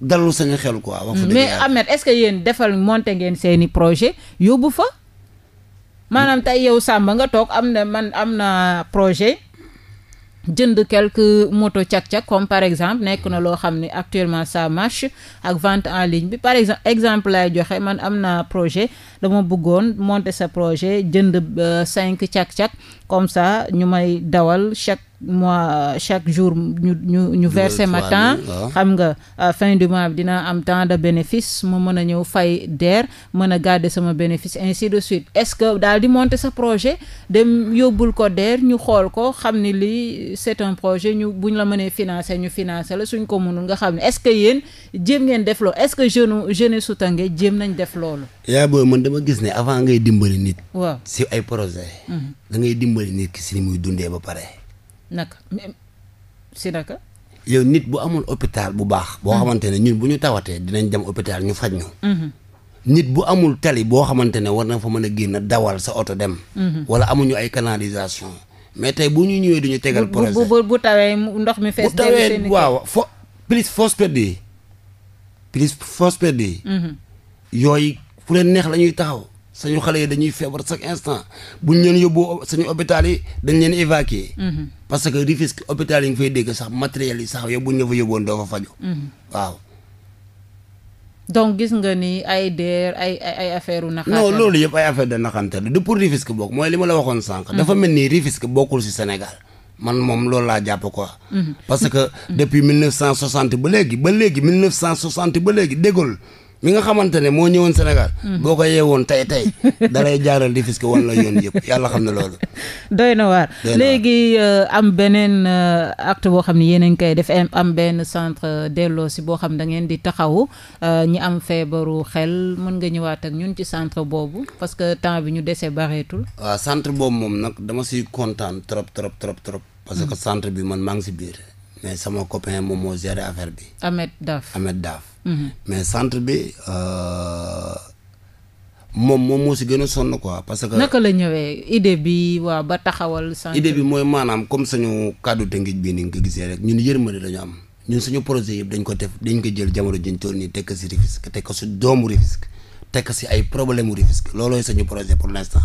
dalul sañu xel quoi. wax fa mais Ahmed est-ce que yéen defal monte ngeen seeni projet yóbbu fa. maanaam tey yow Samba nga toog am na man am na projet. jënd quelque moto cak-cak comme par exemple nekk na loo xam ne actuellement sa marche ak vente en ligne bi par exemple exemple lay joxe man am naa projet dama bëggoon monter sa projet jënd euh, cinq cak-cak comme ça ñu may dawal chaque mois euh, chaque jour ñu ñu ñu verser ma temps ah. xam nga euh, fin de mois bi dinaa am temps de bénéfice ma mën a ñëw fay DER mën a garder sama bénéfice ainsi de suite est-ce que daal di monter sa projet dem yóbbul ko DER ñu xool ko xam ni lii c'est un projet ñu buñ la mënee financer ñu financer la suñ ko mënul nga xam ne est-ce que yéen jéem ngeen def loolu est-ce que jeune jeune su tàngee jéem nañ def loolu. yaa booy man dama gis ne avant ngay dimbali nit. waa si ay projet mhm. dangay ngay dimbali nit si ni muy dundee ba pare. naka mais si naka. yow nit bu amul hôpital bu baax. boo mm-hmm. xamante ne ñun bu ñu tawatee dinañ dem hôpital ñu faj ñu. Mm-hmm. nit bu amul tali boo xamante ne war na fa mën a génn dawal sa oto dem. Mm-hmm. wala amuñu ay canalisation mais tey bu ñu ñëwee duñu tegal. projet bu bu bu tawee ndox mi fees. bu tawee waaw fo plus fausse perte yi plus fausse perte yi. yooyu fu leen neex la ñuy taxaw. suñu xale yi dañuy feebar chaque instant buñ leen yóbbu suñu hôpital yi dañ leen évacuer. parce que Rufisque hôpital yi nga fay dégg sax matériel yi sax yow bu ñu fa yóbboon doo fa fajo mhm. waaw. donc gis nga ni ay deer ay ay affaire u naxante loolu yëpp ay affaire de naxante la du pour Rufisque bokk mooy li ma la waxoon sànq. Mhm. dafa mel ni Rufisque bokkul si Sénégal. man moom loolu laa jàpp quoi. Mhm. parce que depuis 1960 ba léegi ba léegi 1960 ba léegi déggoon. mi nga xamante ne moo ñëwoon Sénégal. Hmm. boo ko yeewoon tey tey [laughs] dalay jaaral di ko wan la yoon yëpp yàlla xam ne loolu. doy na waar léegi euh, am beneen euh, acte boo xam ne yéen a ngi koy def am benn centre euh, delloo si boo xam da ngeen di taxawu ñi am feebaru xel mën nga ñëwaat ak ñun ci centre boobu parce que temps bi ñu desee bareetul. waaw centre boobu moom nag dama si kontaan trop trop trop trop. parce que hmm. centre bi man maa ngi si biir mais sama copain moom moo géré affaire bi. Mm-hmm. mais centre bi euh, moom moom moo si gën a sonn quoi parce que. naka la ñëwee idée bi waaw ba taxawal. centre idée bi mooy maanaam comme sañu kàddu Tëngéej bii ni nga ko gisee rek ñun yërmande dañu am ñun suñu projet yëpp dañ ko def dañ ko jël jamono jën tool nii tekk si Rufisque tekk si doomu Rufisque tekk si ay problème mu Rufisque loolooy sañu projet pour l'instant.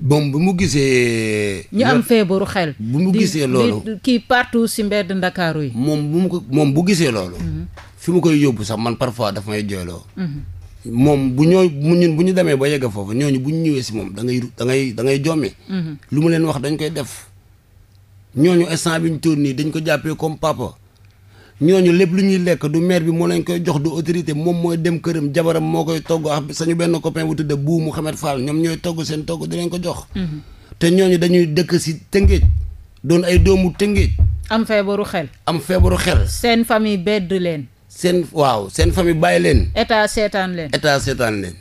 bon bu mu gisee. ñu am feebaru xel. bu mu gisee loolu kii partout si mbedd Ndakaaru yi. moom bu mu ko moom bu gisee loolu. Mm-hmm. fi mu koy yóbbu sax man parfois daf may jooyloo mhm. moom bu ñoo mu ñun bu ñu demee ba yegg foofu ñooñu bu ñu ñëwee si moom dangay ngay da ngay da ngay jommi mhm. lu mu leen wax dañ koy def ñooñu instant bi ñu toon nii dañ ko jàppee comme papa ñooñu lépp lu ñuy lekk du maire bi moo lañ koy jox du autorité moom mooy dem këram jabaram moo koy togg ak sañu benn copain bu tudde bu Mouhamed Fall ñoom ñooy togg seen togg di leen ko jox mhm. te ñooñu dañuy dëkk si tëngéej doon ay doomu tëngéej am feebaru xel am feebaru xel seen famille bedd leen seen waaw seen famille bàyyi leen. état seetaan leen. état seetaan leen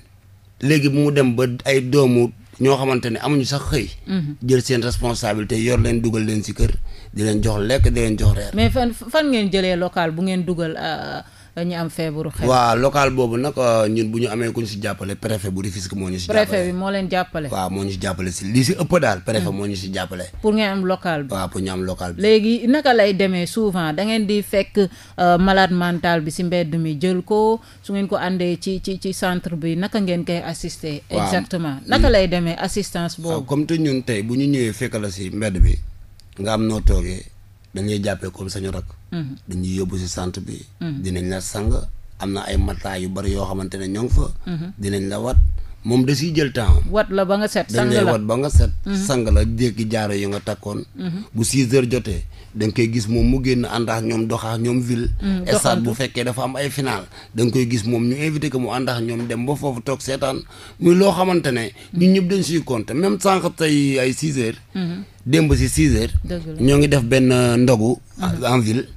léegi bu mu dem ba ay doomu ñoo xamante ne amuñu sax xëy. Mhm. jël seen responsabilité yor leen dugal leen si kër di leen jox lekk di leen jox reer. mais fan fan ngeen jëlee local bu ngeen dugal euh, ñu am feebaru waaw local boobu nag euh, ñun bu ñu amee ku ñu si jàppale préfet bu Rufisque moo ñu si. jàppale bi moo leen jàppale. waaw moo ñu si jàppale si li si ëpp daal. préfet mm. moo ñu si jàppale. pour ngeen am local bi. am local léegi naka lay demee souvent da ngeen di fekk malaat euh, malade bi si mbedd mi jël ko su ngeen ko àndee ci ci ci centre bi naka ngeen koy assister. waaw exactement naka mm. lay demee assistance boobu. comme te ñun tey bu ñu ñëwee fekk la si mbedd bi nga am noo toogee dañ lay jàppee comme sañu rakk. Mm-hmm. dañuy yóbbu si centre bi. Mm-hmm. dinañ la sang am na ay mataay yu bari yoo xamante ne ñoo ngi fa. Mm-hmm. dinañ la wat moom da siy jël temps. wat la ba nga set sang la dañ lay wat ba nga set. sang la jékki jaaro yi nga takkoon. da nga koy gis moom mu génn ànd ak ñoom doxaax ñoom ville. stade bu fekkee dafa am ay final. da nga koy gis moom ñu invité ko mu ànd ak ñoom dem ba foofu toog seetaan muy loo xamante ne. ñun ñëpp dañ siy compter même sànq tey ay 6 heures. ba si 6 heures. ñoo ngi def benn ndogu. en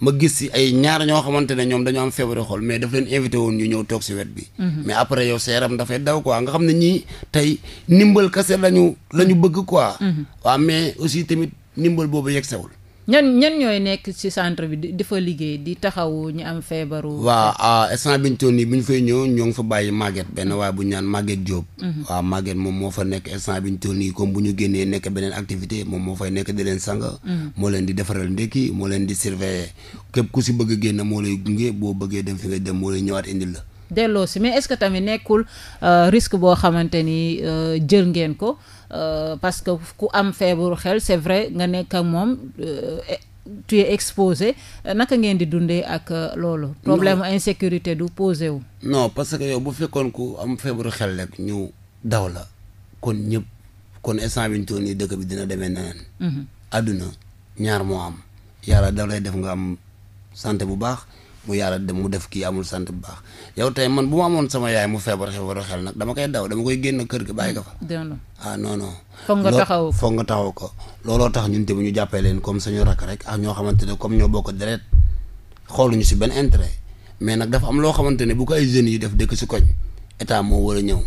ma gis si ay ñaar ñoo xamante ne ñoom dañoo am feebaru xol mais daf leen invité woon ñu ñëw toog si wet bi. Mhm. mais après yow sa dafay daw quoi nga xam ne ñii tey ndimbal kese lañu bëgg quoi. Mhm. waaw mais aussi tamit ndimbal boobu yegg sewul ñan ñan ñooy nekk ci centre bi di liggéey di taxawu ñu am feebaru. waaw ah, instant bi ñu toll nii bu ñu fay ñëw ñoo ngi fa bàyyi Maguette benn waaye bu ñu naan Maguette Diop. Mhm. waaw Maguette moom moo fa nekk instant bi ñu toll nii comme bu ñu génnee nekk beneen activité moom moo fay nekk di leen sang. Mhm. moo leen di defaral ndékki moo leen di surveiller képp ku si bëgg génn moo lay gunge boo bëggee dem fi nga dem moo lay ñëwaat indil la. delloo si mais est-ce que tamit nekkul euh, risque boo xamante ni euh, jël ngeen ko euh, parce que ku am feebaru xel c'est vrai nga nekk ak moom tu exposé naka ngeen di dundee ak loolu. problème insécurité du posé wu. non parce que yow bu fekkoon ku am feebaru xel rek ñu daw la kon ñëpp kon instant bi ñu toll nii dëkk bi dina demee neneen. Mhm. àdduna ñaar moo am. yàlla daf lay def nga am santé bu baax. mu yàlla dem mu def kii amul sant bu baax yow tey man bu ma amoon sama yaay mu feebar feebar xel nag dama koy daw dama koy génn kër gi bàyyi ko fa. ah non non. foog nga taxaw foog nga taxaw ko. looloo tax ñun tamit ñu jàppee leen comme sañu rakk rek ak ñoo xamante ne comme ñoo bokk deret xooluñu si benn intérêt mais nag dafa am loo xamante ne bu ko ay jeunes yi def dëkk si koñ état moo war a ñëw.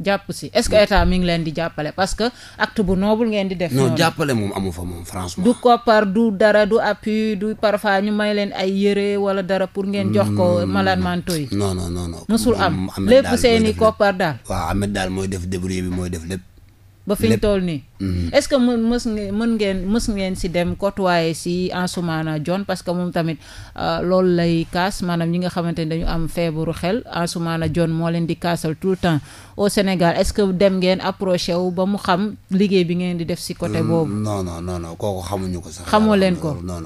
jàpp si est-ce que état mi ngi leen di jàppale parce que acte bu noble ngeen di def. non jàppale moom amu fa moom franchement. du koppar du dara du appui du parfois ñu may leen ay yére wala dara pour ngeen jox ko mm, malade mentaux yi. non non non non. musul am lépp seeni koppar daal. waaw Ahmed daal mooy def débrouille bi mooy def lépp. ba fi ñu toll nii. Mm-hmm. est-ce que mën mës ngeen mën ngeen mës ngeen si dem waaye si Ansoumana Dione parce que moom tamit euh, loolu lay kaas maanaam ñi nga xamante ni dañu am feebaru xel Ansoumana Dione moo leen di kaasal tout le temps au Sénégal est-ce que dem ngeen approché wu ba mu xam liggéey bi ngeen di def si côté mm, boobu. non non non kooku xamuñu ko sax. xamoo leen ko non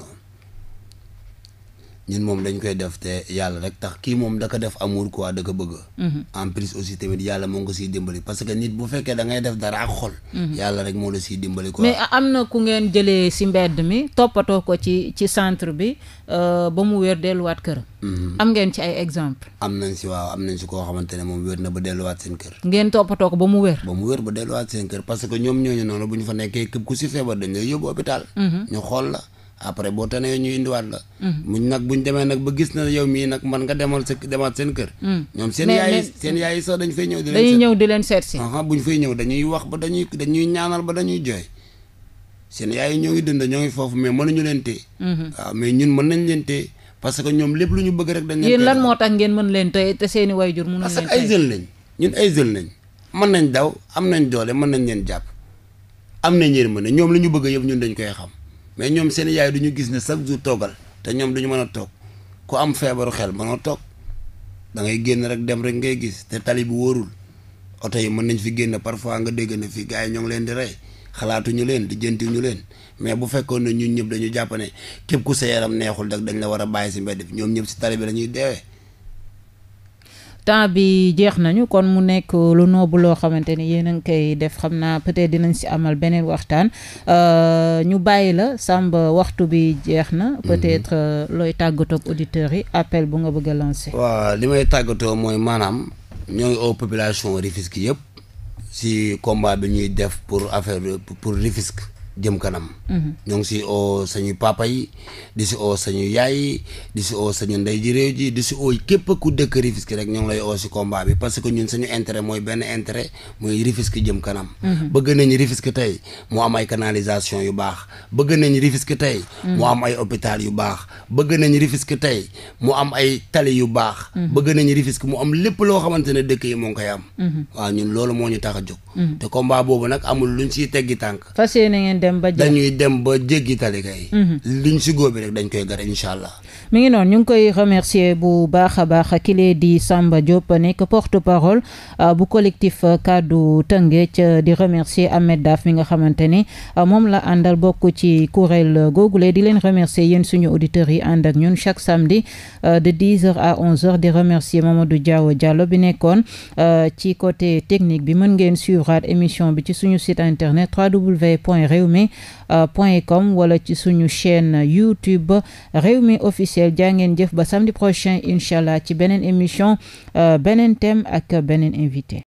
ñun moom dañ koy def te yàlla rek tax kii moom da ko def amour quoi da ko bëgg. Mhm. en plus aussi tamit yàlla moo ngi siy dimbali parce que nit bu fekkee da ngay def dara ak xol. Mhm. yàlla rek moo la siy dimbali quoi. mais am na ku ngeen jëlee si mbedd mi toppatoo ko ci ci centre bi euh, ba mu wér delluwaat kër. Mhm. am ngeen ci ay exemple am nañ si waaw am nañ si koo xamante ne moom wér na ba delluwaat seen kër. ngeen toppatoo ko ba mu wér. ba mu wér ba delluwaat seen kër parce que ñoom ñooñu noonu bu ñu après boo tanee ñu indiwaat la. Mm-hmm. muñ nag bu ñu demee nag ba gis na yow mii nag man nga demal sa demaat seen kër. Mm. ñoom seen yaay seen yaay sax fay ñëw. di leen ñëw di leen seet si. buñ fay ñëw dañuy wax ba dañuy dañuy ñaanal ba dañuy jooy. seen yaay ñoo ngi dund ñoo ngi foofu mais mënuñu leen téye. Mm-hmm. waaw mais ñun mën nañ leen téye parce que ñoom lépp lu ñu bëgg rek. dañ leen yéen lan moo tax ngeen mën leen téye te seen i waajur mënuñ leen téye parce ay jeunes lañ ñun ay jeunes lañ mën nañ daw am nañ doole mën nañ leen jàpp am nañ yërmande ñoom li ñu bëgg yëpp ñun dañ koy xam mais ñoom seen yaay du ñu gis ne chaque jour toogal te ñoom du ñu mën a toog ku am feebaru xel mënoo toog da ngay génn rek dem rek ngay gis te tali bu wóorul oto yi mën nañ fi génn parfois nga dégg na fii gars yi ñoo ngi leen di rey xalaatuñu leen di jëntiwuñu leen mais bu fekkoon ne ñun ñëpp dañu jàpp ne képp ku sa yaram neexul rek dañ la war a bàyyi si mbedd bi ñoom ñëpp si tali bi la ñuy deewee temps bi jeex nañu kon mu nekk euh, lu noobu loo xamante ni yéen a ngi koy def xam naa peut-être dinañ si amal beneen waxtaan euh, ñu bàyyi la Samba waxtu bi jeex na. Mhm. peut-être euh, looy tàggatoo ak auditeurs yi appel bu nga bëgg a lancer. li may tàggatoo mooy maanaam ñoo ngi au population Rufisque yëpp si combat bi ñuy def pour affaire pour Rufisque jëm kanam. Mm-hmm. ñoo ngi si oo sañu papa yi di si oo sañu yaay di si oo sañu ndey ji ji di si oo képp ku dëkk Rufisque rek ñoo ngi lay oo si combat bi parce que ñun suñu intérêt mooy benn intérêt mooy Rufisque jëm kanam. Mm-hmm. bëgg nañ Rufisque tey mu am ay canalisation yu baax bëgg nañ Rufisque tey. mu mm-hmm. am ay hôpital yu baax bëgg nañ Rufisque tey mu am ay tali yu baax. bëgg nañ Rufisque mu am lépp loo xamante ne dëkk yi moo ngi am. waaw ñun loolu moo ñu tax a jóg. te combat boobu nag amul luñ siy teggi tànk. fas yéene dem ba dañuy dem ba jéggi tali kay mhm. liñ si góobi rek dañ koy gara incha allah mi ngi noonu ñu ngi koy remercier bu baax a kilee di Samba Diop nekk porte parole ah, bu collectif ah, kaddu Tëngéej ah, di remercier Ahmed Daf mi nga xamante ni moom la àndal bokk ci kuréel googule di leen remercier yéen suñu auditeurs yi ànd ak ñun chaque samedi de 10 à 11 di remercier Mamadou Diaw Diallo bi nekkoon ci côté technique bi mën ngeen suivraat émission bi ci suñu site internet Informé euh, point com wala ci suñu chaîne YouTube Rewmi officiel jaa ngeen jëf ba samedi prochain incha allah ci beneen émission euh, beneen thème ak beneen invité.